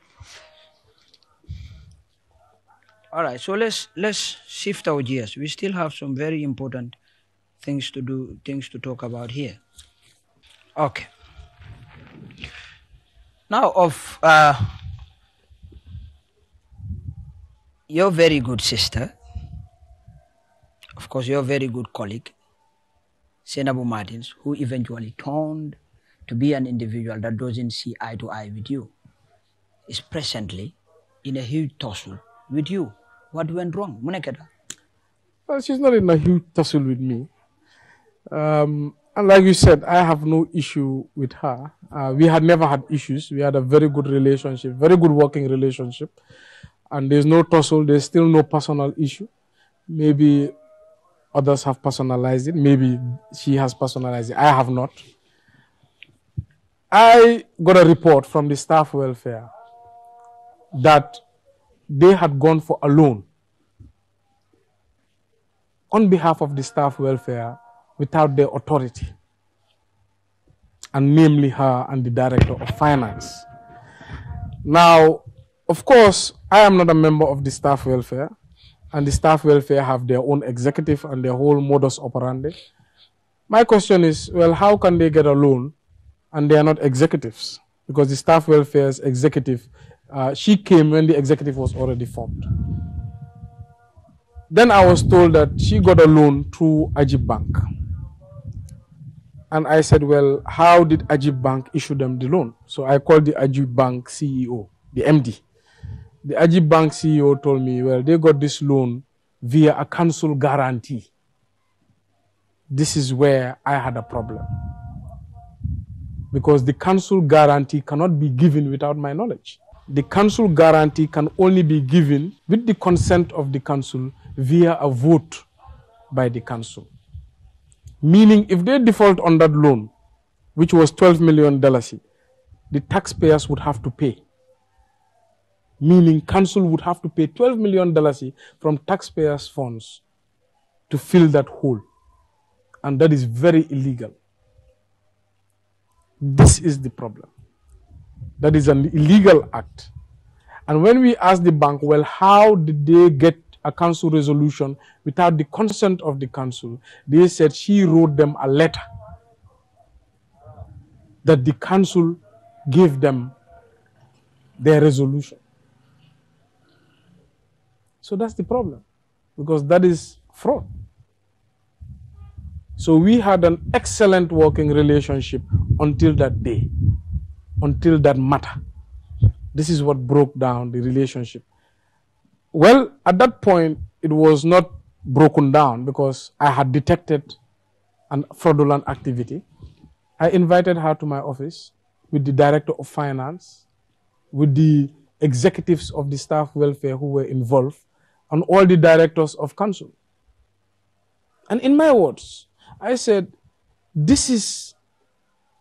All right, so let's let's shift our gears. We still have some very important things to do, things to talk about here. Okay. Now, of uh, your very good sister, of course, your very good colleague, Senabu Martins, who eventually turned to be an individual that doesn't see eye to eye with you is presently in a huge tussle with you. What went wrong? Munekeda? Well, she's not in a huge tussle with me. Um, and like you said, I have no issue with her. Uh, we had never had issues. We had a very good relationship, very good working relationship. And there's no tussle, there's still no personal issue. Maybe others have personalized it. Maybe she has personalized it. I have not. I got a report from the staff welfare that they had gone for a loan on behalf of the staff welfare without their authority, and namely her and the director of finance. Now, of course, I am not a member of the staff welfare, and the staff welfare have their own executive and their whole modus operandi. My question is, well, how can they get a loan and they are not executives because the staff welfare's executive, uh, she came when the executive was already formed. Then I was told that she got a loan through Ajib Bank. And I said, well, how did Ajib Bank issue them the loan? So I called the Ajib Bank CEO, the MD. The Ajib Bank CEO told me, well, they got this loan via a council guarantee. This is where I had a problem because the council guarantee cannot be given without my knowledge. The council guarantee can only be given with the consent of the council via a vote by the council. Meaning, if they default on that loan, which was $12 million, the taxpayers would have to pay. Meaning, council would have to pay $12 million from taxpayers' funds to fill that hole. And that is very illegal. This is the problem. That is an illegal act. And when we ask the bank, well, how did they get a council resolution without the consent of the council? They said she wrote them a letter that the council gave them their resolution. So that's the problem, because that is fraud. So we had an excellent working relationship until that day, until that matter. This is what broke down the relationship. Well, at that point, it was not broken down because I had detected an fraudulent activity. I invited her to my office with the director of finance, with the executives of the staff welfare who were involved, and all the directors of council. And in my words, I said, this is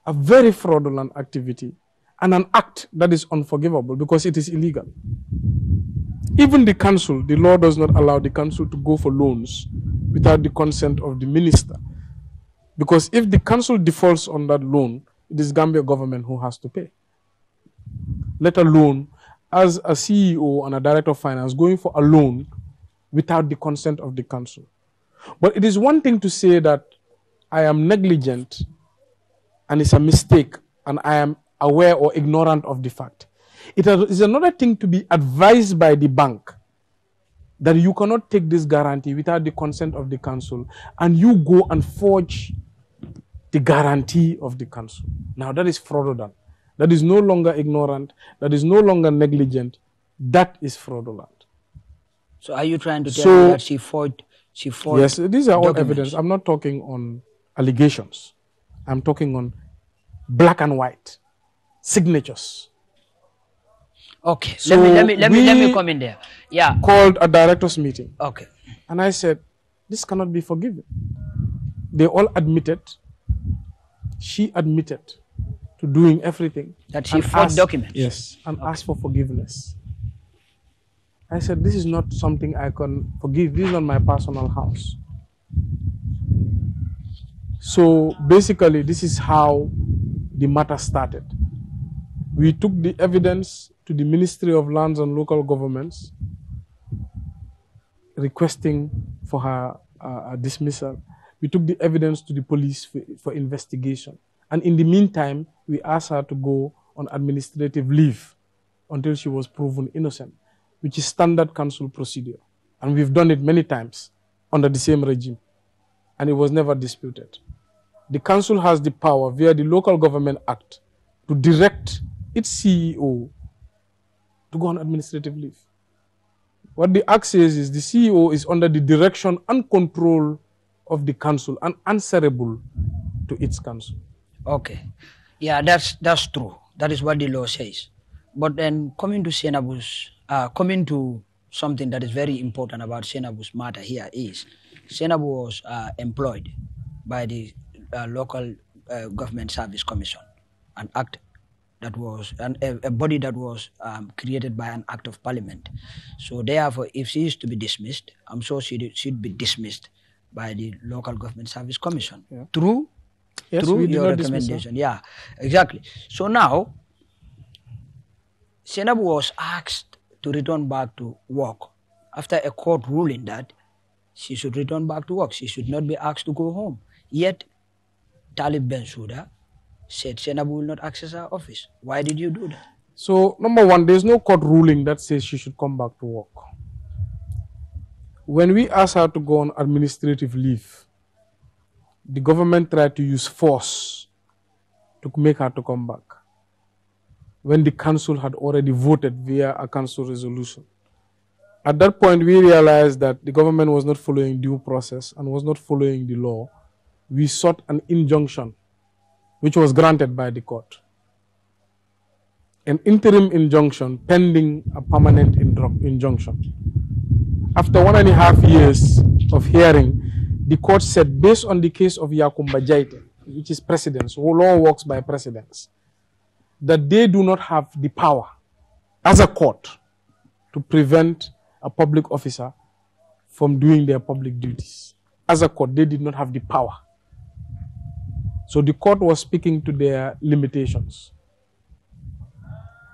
a very fraudulent activity and an act that is unforgivable because it is illegal. Even the council, the law does not allow the council to go for loans without the consent of the minister. Because if the council defaults on that loan, it is Gambia government who has to pay. Let alone, as a CEO and a director of finance, going for a loan without the consent of the council. But it is one thing to say that I am negligent and it's a mistake and I am aware or ignorant of the fact. It is another thing to be advised by the bank that you cannot take this guarantee without the consent of the council, and you go and forge the guarantee of the council. Now, that is fraudulent. That is no longer ignorant. That is no longer negligent. That is fraudulent. So, are you trying to tell so, me that she forged? She forged. Yes, these are all evidence. I'm not talking on allegations. I'm talking on black and white signatures. Okay, so let me let me let me let me come in there. Yeah. Called a directors meeting. Okay. And I said, this cannot be forgiven. They all admitted. She admitted to doing everything. That she forged documents. Yes, and okay. asked for forgiveness. I said, this is not something I can forgive. This is not my personal house. So basically, this is how the matter started. We took the evidence to the Ministry of Lands and Local Governments requesting for her uh, dismissal. We took the evidence to the police for, for investigation. And in the meantime, we asked her to go on administrative leave until she was proven innocent, which is standard council procedure. And we've done it many times under the same regime, and it was never disputed the council has the power via the Local Government Act to direct its CEO to go on administrative leave. What the act says is the CEO is under the direction and control of the council and answerable to its council. Okay. Yeah, that's that's true. That is what the law says. But then coming to Senabus, uh, coming to something that is very important about Senabu's matter here is Senabu was uh, employed by the uh, local uh, government service commission, an act that was an, a, a body that was um, created by an act of parliament. So therefore, if she is to be dismissed, I'm sure she did, should be dismissed by the local government service commission yeah. through yes, through your recommendation. Yeah, exactly. So now, Senab was asked to return back to work after a court ruling that she should return back to work. She should not be asked to go home. Yet Talib Ben Bensouda said Senab will not access her office. Why did you do that? So, number one, there's no court ruling that says she should come back to work. When we asked her to go on administrative leave, the government tried to use force to make her to come back when the council had already voted via a council resolution. At that point, we realized that the government was not following due process and was not following the law we sought an injunction which was granted by the court. An interim injunction pending a permanent injunction. After one and a half years of hearing, the court said, based on the case of Yakumba Jaite, which is precedence, law works by precedence, that they do not have the power as a court to prevent a public officer from doing their public duties. As a court, they did not have the power so the court was speaking to their limitations.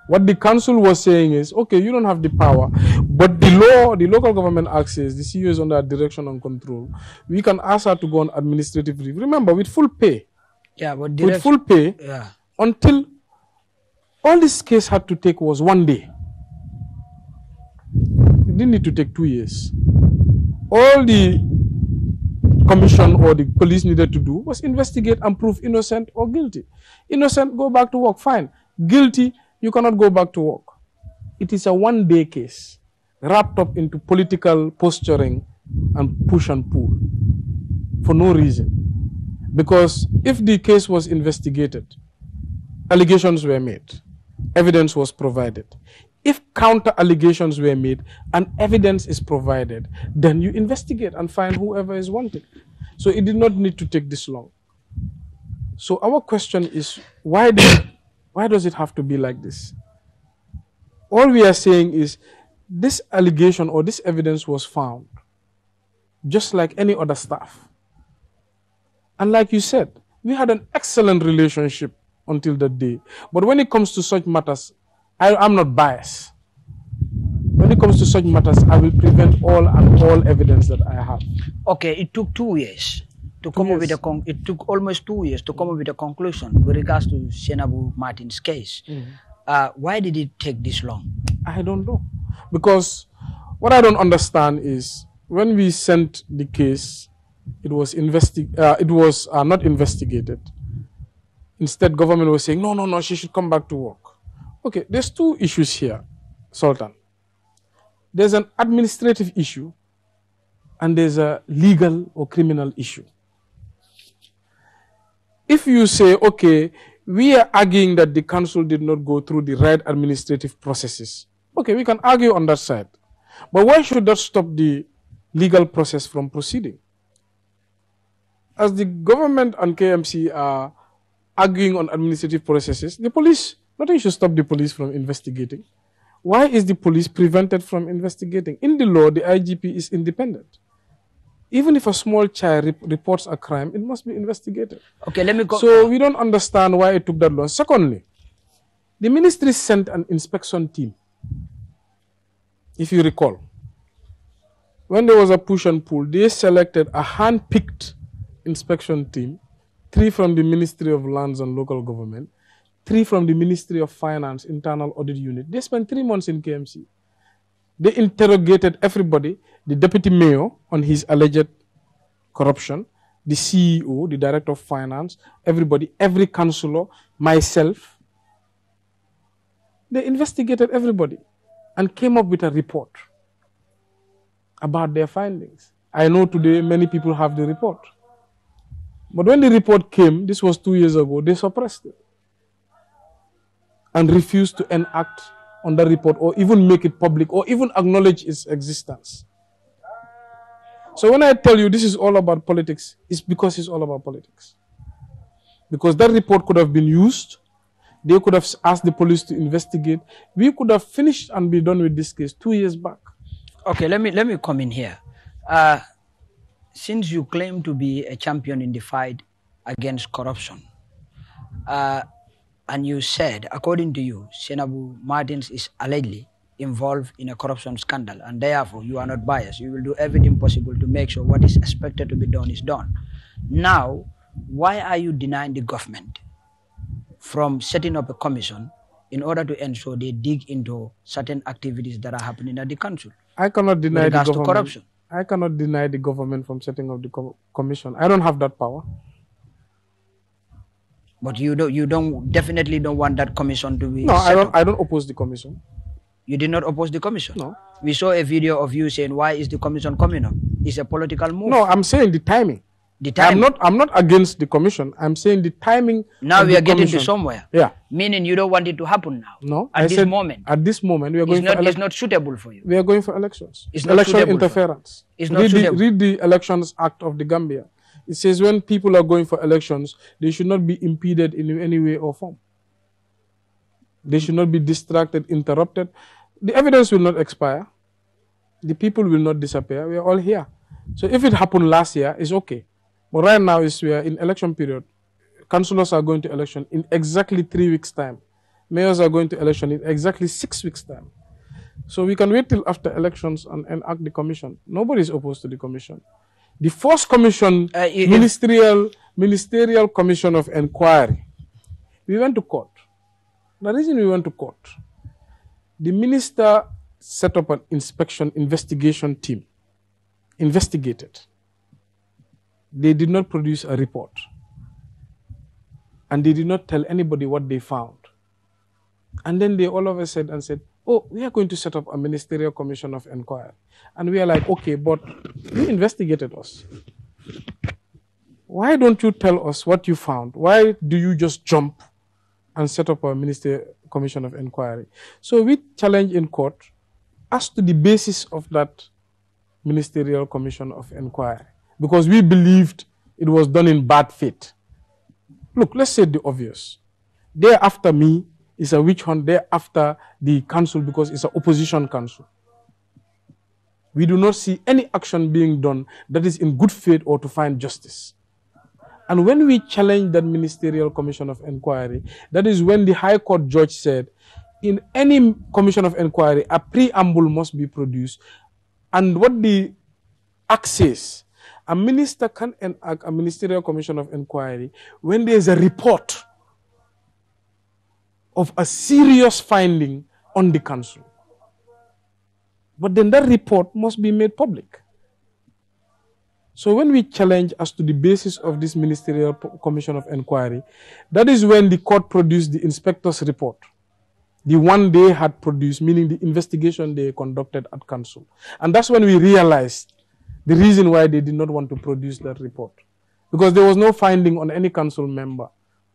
What the council was saying is, okay, you don't have the power, but the law, the local government access, the CEO is under direction and control. We can ask her to go on administrative leave. Remember, with full pay. Yeah, but direct, with full pay. Yeah. Until all this case had to take was one day. It didn't need to take two years. All the commission or the police needed to do was investigate and prove innocent or guilty. Innocent, go back to work, fine. Guilty, you cannot go back to work. It is a one day case wrapped up into political posturing and push and pull for no reason. Because if the case was investigated, allegations were made, evidence was provided. If counter allegations were made and evidence is provided, then you investigate and find whoever is wanted. So it did not need to take this long. So our question is why, why does it have to be like this? All we are saying is this allegation or this evidence was found just like any other staff. And like you said, we had an excellent relationship until that day. But when it comes to such matters, I, I'm not biased. When it comes to such matters, I will prevent all and all evidence that I have. Okay, it took two years to two come years. up with a con it took almost two years to come up with a conclusion with regards to Senabu Martin's case. Mm -hmm. uh, why did it take this long? I don't know, because what I don't understand is when we sent the case, it was investi uh, it was uh, not investigated. Instead, government was saying no, no, no, she should come back to work. Okay, there's two issues here, Sultan. There's an administrative issue and there's a legal or criminal issue. If you say, okay, we are arguing that the council did not go through the right administrative processes, okay, we can argue on that side. But why should that stop the legal process from proceeding? As the government and KMC are arguing on administrative processes, the police Nothing should stop the police from investigating. Why is the police prevented from investigating? In the law, the IGP is independent. Even if a small child reports a crime, it must be investigated. Okay, let me go. So we don't understand why it took that long. Secondly, the ministry sent an inspection team, if you recall. When there was a push and pull, they selected a hand picked inspection team, three from the Ministry of Lands and Local Government, three from the Ministry of Finance Internal Audit Unit. They spent three months in KMC. They interrogated everybody, the deputy mayor on his alleged corruption, the CEO, the director of finance, everybody, every councillor, myself. They investigated everybody and came up with a report about their findings. I know today many people have the report. But when the report came, this was two years ago, they suppressed it and refuse to enact on that report or even make it public or even acknowledge its existence. So when I tell you this is all about politics, it's because it's all about politics. Because that report could have been used, they could have asked the police to investigate. We could have finished and be done with this case two years back. Okay, let me let me come in here. Uh, since you claim to be a champion in the fight against corruption, uh, and you said, according to you, Senabu Martins is allegedly involved in a corruption scandal and therefore you are not biased. You will do everything possible to make sure what is expected to be done is done. Now, why are you denying the government from setting up a commission in order to ensure they dig into certain activities that are happening at the council? I cannot deny the government. corruption. I cannot deny the government from setting up the co commission. I don't have that power. But you don't, you don't definitely don't want that commission to be. No, I don't. I don't oppose the commission. You did not oppose the commission. No. We saw a video of you saying, "Why is the commission coming up? It's a political move." No, I'm saying the timing. The timing. I'm not. I'm not against the commission. I'm saying the timing. Now we are getting commission. to somewhere. Yeah. Meaning you don't want it to happen now. No. At I this said, moment. At this moment, we are going. It's not. it's not suitable for you. We are going for elections. It's not Election interference. It's not read suitable. The, read the Elections Act of the Gambia. It says when people are going for elections, they should not be impeded in any way or form. They should not be distracted, interrupted. The evidence will not expire. The people will not disappear. We are all here. So if it happened last year, it's okay. But right now, is we are in election period. Councillors are going to election in exactly three weeks' time. Mayors are going to election in exactly six weeks' time. So we can wait till after elections and, and act the commission. Nobody is opposed to the commission the first commission, uh, it, ministerial ministerial commission of inquiry, we went to court. The reason we went to court, the minister set up an inspection investigation team, investigated. They did not produce a report, and they did not tell anybody what they found. And then they all of us said and said, oh, we are going to set up a ministerial commission of inquiry. And we are like, okay, but you investigated us. Why don't you tell us what you found? Why do you just jump and set up a ministerial commission of inquiry? So we challenge in court as to the basis of that ministerial commission of inquiry because we believed it was done in bad faith. Look, let's say the obvious. They're after me it's a witch hunt there after the council because it's an opposition council. We do not see any action being done that is in good faith or to find justice. And when we challenge that ministerial commission of inquiry, that is when the High Court judge said, in any commission of inquiry, a preamble must be produced. And what the act says, a minister can enact a ministerial commission of inquiry when there is a report of a serious finding on the council. But then that report must be made public. So when we challenge as to the basis of this ministerial commission of inquiry, that is when the court produced the inspector's report. The one they had produced, meaning the investigation they conducted at council. And that's when we realized the reason why they did not want to produce that report. Because there was no finding on any council member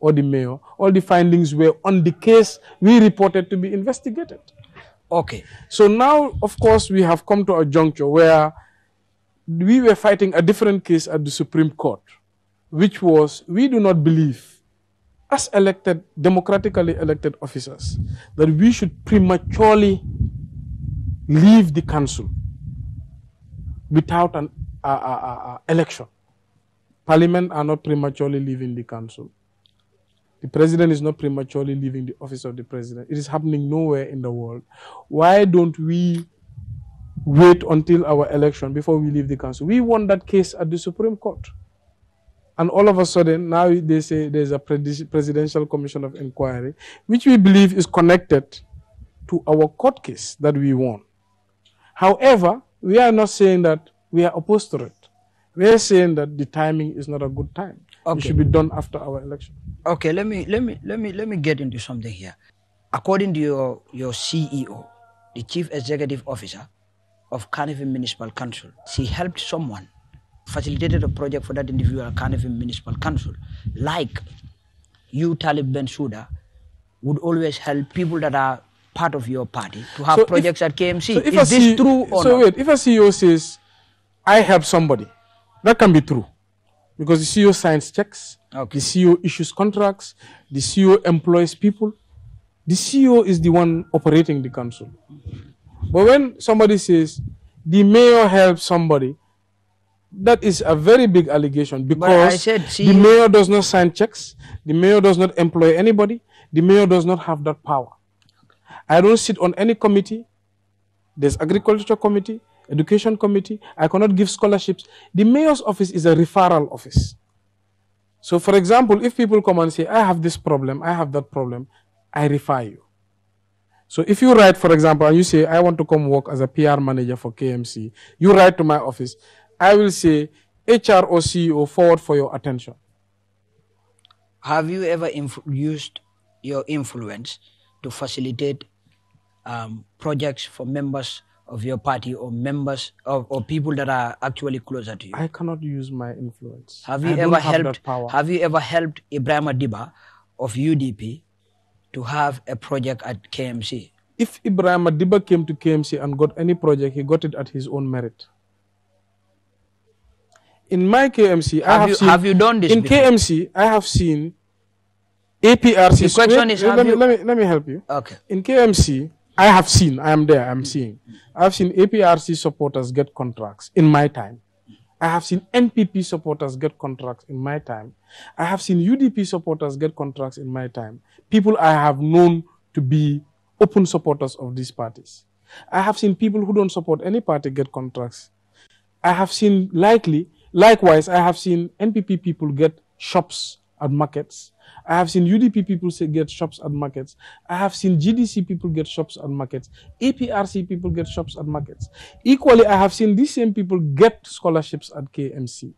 or the mayor, all the findings were on the case we reported to be investigated. Okay. So now, of course, we have come to a juncture where we were fighting a different case at the Supreme Court, which was we do not believe, as elected, democratically elected officers, that we should prematurely leave the council without an uh, uh, uh, election. Parliament are not prematurely leaving the council. The president is not prematurely leaving the office of the president. It is happening nowhere in the world. Why don't we wait until our election before we leave the council? We won that case at the Supreme Court. And all of a sudden, now they say there's a presidential commission of inquiry, which we believe is connected to our court case that we won. However, we are not saying that we are opposed to it. We're saying that the timing is not a good time. Okay. It should be done after our election. Okay, let me let me let me let me get into something here. According to your your CEO, the chief executive officer of Carnivore Municipal Council, she helped someone, facilitated a project for that individual Carnivore Municipal Council, like you Talib Ben Suda would always help people that are part of your party to have so projects if, at KMC. So if is this CEO, true or so not? wait, if a CEO says, I help somebody, that can be true because the CEO signs checks, okay. the CEO issues contracts, the CEO employs people. The CEO is the one operating the council. But when somebody says the mayor helps somebody, that is a very big allegation because the mayor does not sign checks, the mayor does not employ anybody, the mayor does not have that power. I don't sit on any committee. There's agriculture committee, education committee. I cannot give scholarships. The mayor's office is a referral office. So, for example, if people come and say, I have this problem, I have that problem, I refer you. So, if you write, for example, and you say, I want to come work as a PR manager for KMC, you write to my office, I will say, HR or CEO, forward for your attention. Have you ever used your influence to facilitate um, projects for members of your party or members of, or people that are actually closer to you? I cannot use my influence. Have you I ever have helped? Have you ever helped Ibrahim Adiba of UDP to have a project at KMC? If Ibrahim Adiba came to KMC and got any project, he got it at his own merit. In my KMC, have I have you, seen, have you done this? In before? KMC, I have seen APRC. The question is, have let, you, me, let me let me help you. Okay. In KMC, I have seen, I am there, I'm seeing. I have seen APRC supporters get contracts in my time. I have seen NPP supporters get contracts in my time. I have seen UDP supporters get contracts in my time. People I have known to be open supporters of these parties. I have seen people who don't support any party get contracts. I have seen likely, likewise, I have seen NPP people get shops at markets. I have seen UDP people say get shops at markets. I have seen GDC people get shops at markets. APRC people get shops at markets. Equally, I have seen these same people get scholarships at KMC.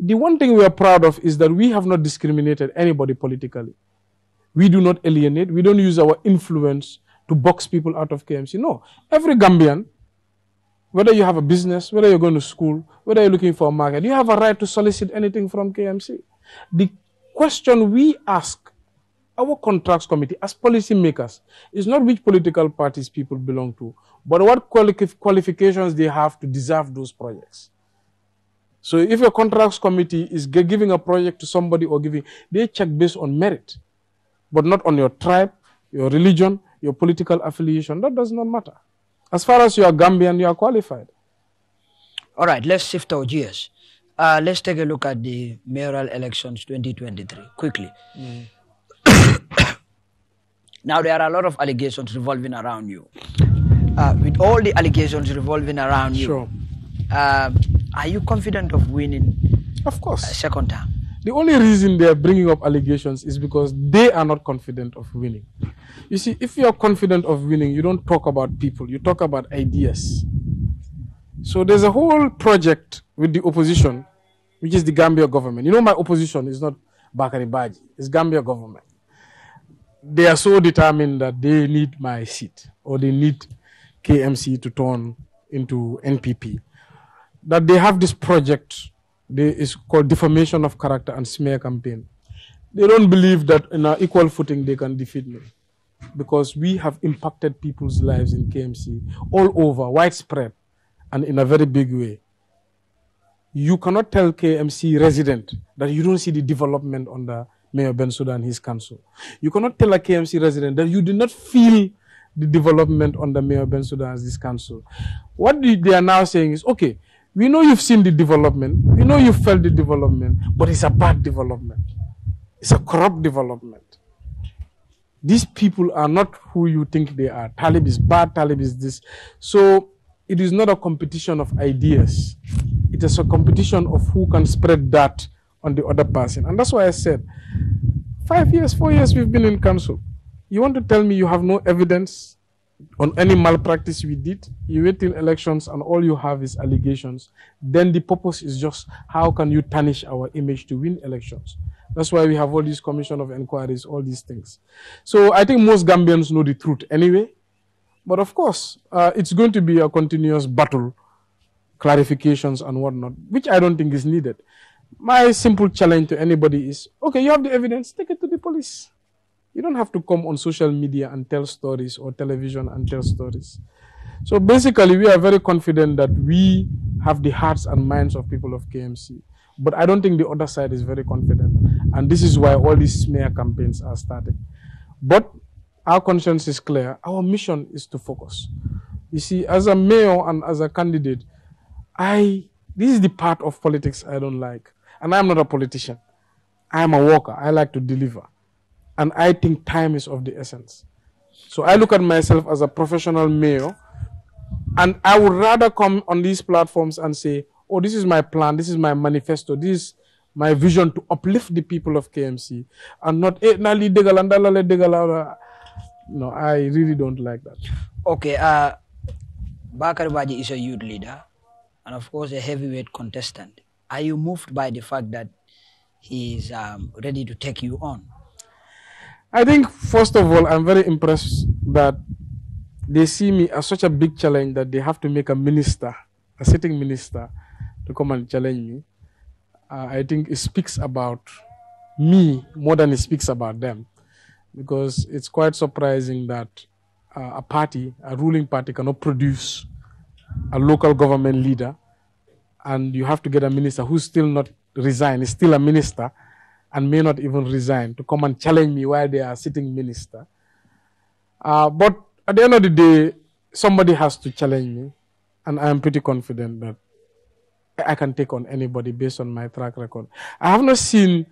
The one thing we are proud of is that we have not discriminated anybody politically. We do not alienate. We don't use our influence to box people out of KMC. No. Every Gambian, whether you have a business, whether you're going to school, whether you're looking for a market, you have a right to solicit anything from KMC. The question we ask our contracts committee as policymakers is not which political parties people belong to, but what quali qualifications they have to deserve those projects. So if a contracts committee is giving a project to somebody or giving, they check based on merit, but not on your tribe, your religion, your political affiliation. That does not matter. As far as you are Gambian, you are qualified. All right, let's shift our gears. Uh, let's take a look at the mayoral elections 2023 quickly. Mm. [coughs] now, there are a lot of allegations revolving around you. Uh, with all the allegations revolving around you, sure. uh, are you confident of winning? Of course. second term. The only reason they are bringing up allegations is because they are not confident of winning. You see, if you are confident of winning, you don't talk about people, you talk about ideas. So there's a whole project with the opposition, which is the Gambia government. You know, my opposition is not Bakari Baji, it's Gambia government. They are so determined that they need my seat or they need KMC to turn into NPP that they have this project. They, it's called defamation of character and smear campaign. They don't believe that in an equal footing they can defeat me because we have impacted people's lives in KMC all over, widespread, and in a very big way you cannot tell KMC resident that you don't see the development under Mayor Ben Suda and his council. You cannot tell a KMC resident that you did not feel the development under Mayor Ben Suda and his council. What they are now saying is, okay, we know you've seen the development, we know you felt the development, but it's a bad development. It's a corrupt development. These people are not who you think they are. Talib is bad, Talib is this. So it is not a competition of ideas. It is a competition of who can spread that on the other person. And that's why I said, five years, four years we've been in council. You want to tell me you have no evidence on any malpractice we did? You wait till elections and all you have is allegations. Then the purpose is just how can you tarnish our image to win elections? That's why we have all these commission of inquiries, all these things. So I think most Gambians know the truth anyway. But of course, uh, it's going to be a continuous battle, clarifications and whatnot, which I don't think is needed. My simple challenge to anybody is okay, you have the evidence, take it to the police. You don't have to come on social media and tell stories or television and tell stories. So basically, we are very confident that we have the hearts and minds of people of KMC. But I don't think the other side is very confident. And this is why all these smear campaigns are starting. But our conscience is clear, our mission is to focus. You see, as a mayor and as a candidate, I this is the part of politics I don't like. And I'm not a politician. I'm a worker. I like to deliver. And I think time is of the essence. So I look at myself as a professional mayor, and I would rather come on these platforms and say, oh, this is my plan, this is my manifesto, this is my vision to uplift the people of KMC, and not, eh, nali degala, no, I really don't like that. Okay, uh, Bakar Baji is a youth leader and, of course, a heavyweight contestant. Are you moved by the fact that he is um, ready to take you on? I think, first of all, I'm very impressed that they see me as such a big challenge that they have to make a minister, a sitting minister, to come and challenge me. Uh, I think it speaks about me more than it speaks about them because it's quite surprising that uh, a party, a ruling party, cannot produce a local government leader, and you have to get a minister who's still not resigned, is still a minister, and may not even resign to come and challenge me while they are sitting minister. Uh, but at the end of the day, somebody has to challenge me, and I am pretty confident that I can take on anybody based on my track record. I have not seen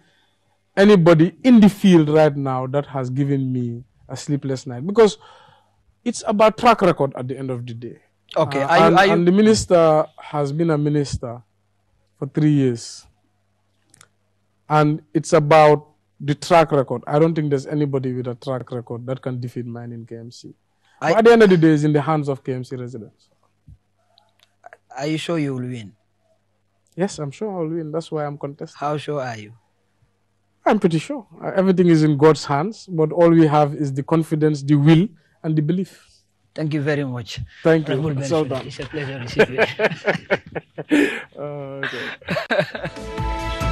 anybody in the field right now that has given me a sleepless night because it's about track record at the end of the day. Okay. Uh, are and, you, are you... and the minister has been a minister for three years. And it's about the track record. I don't think there's anybody with a track record that can defeat mine in KMC. I... at the end of the day, it's in the hands of KMC residents. Are you sure you will win? Yes, I'm sure I'll win. That's why I'm contesting. How sure are you? I'm pretty sure. Uh, everything is in God's hands, but all we have is the confidence, the will, and the belief. Thank you very much. Thank you. Rahul done. It's a pleasure to see you. uh, [laughs] okay. [laughs]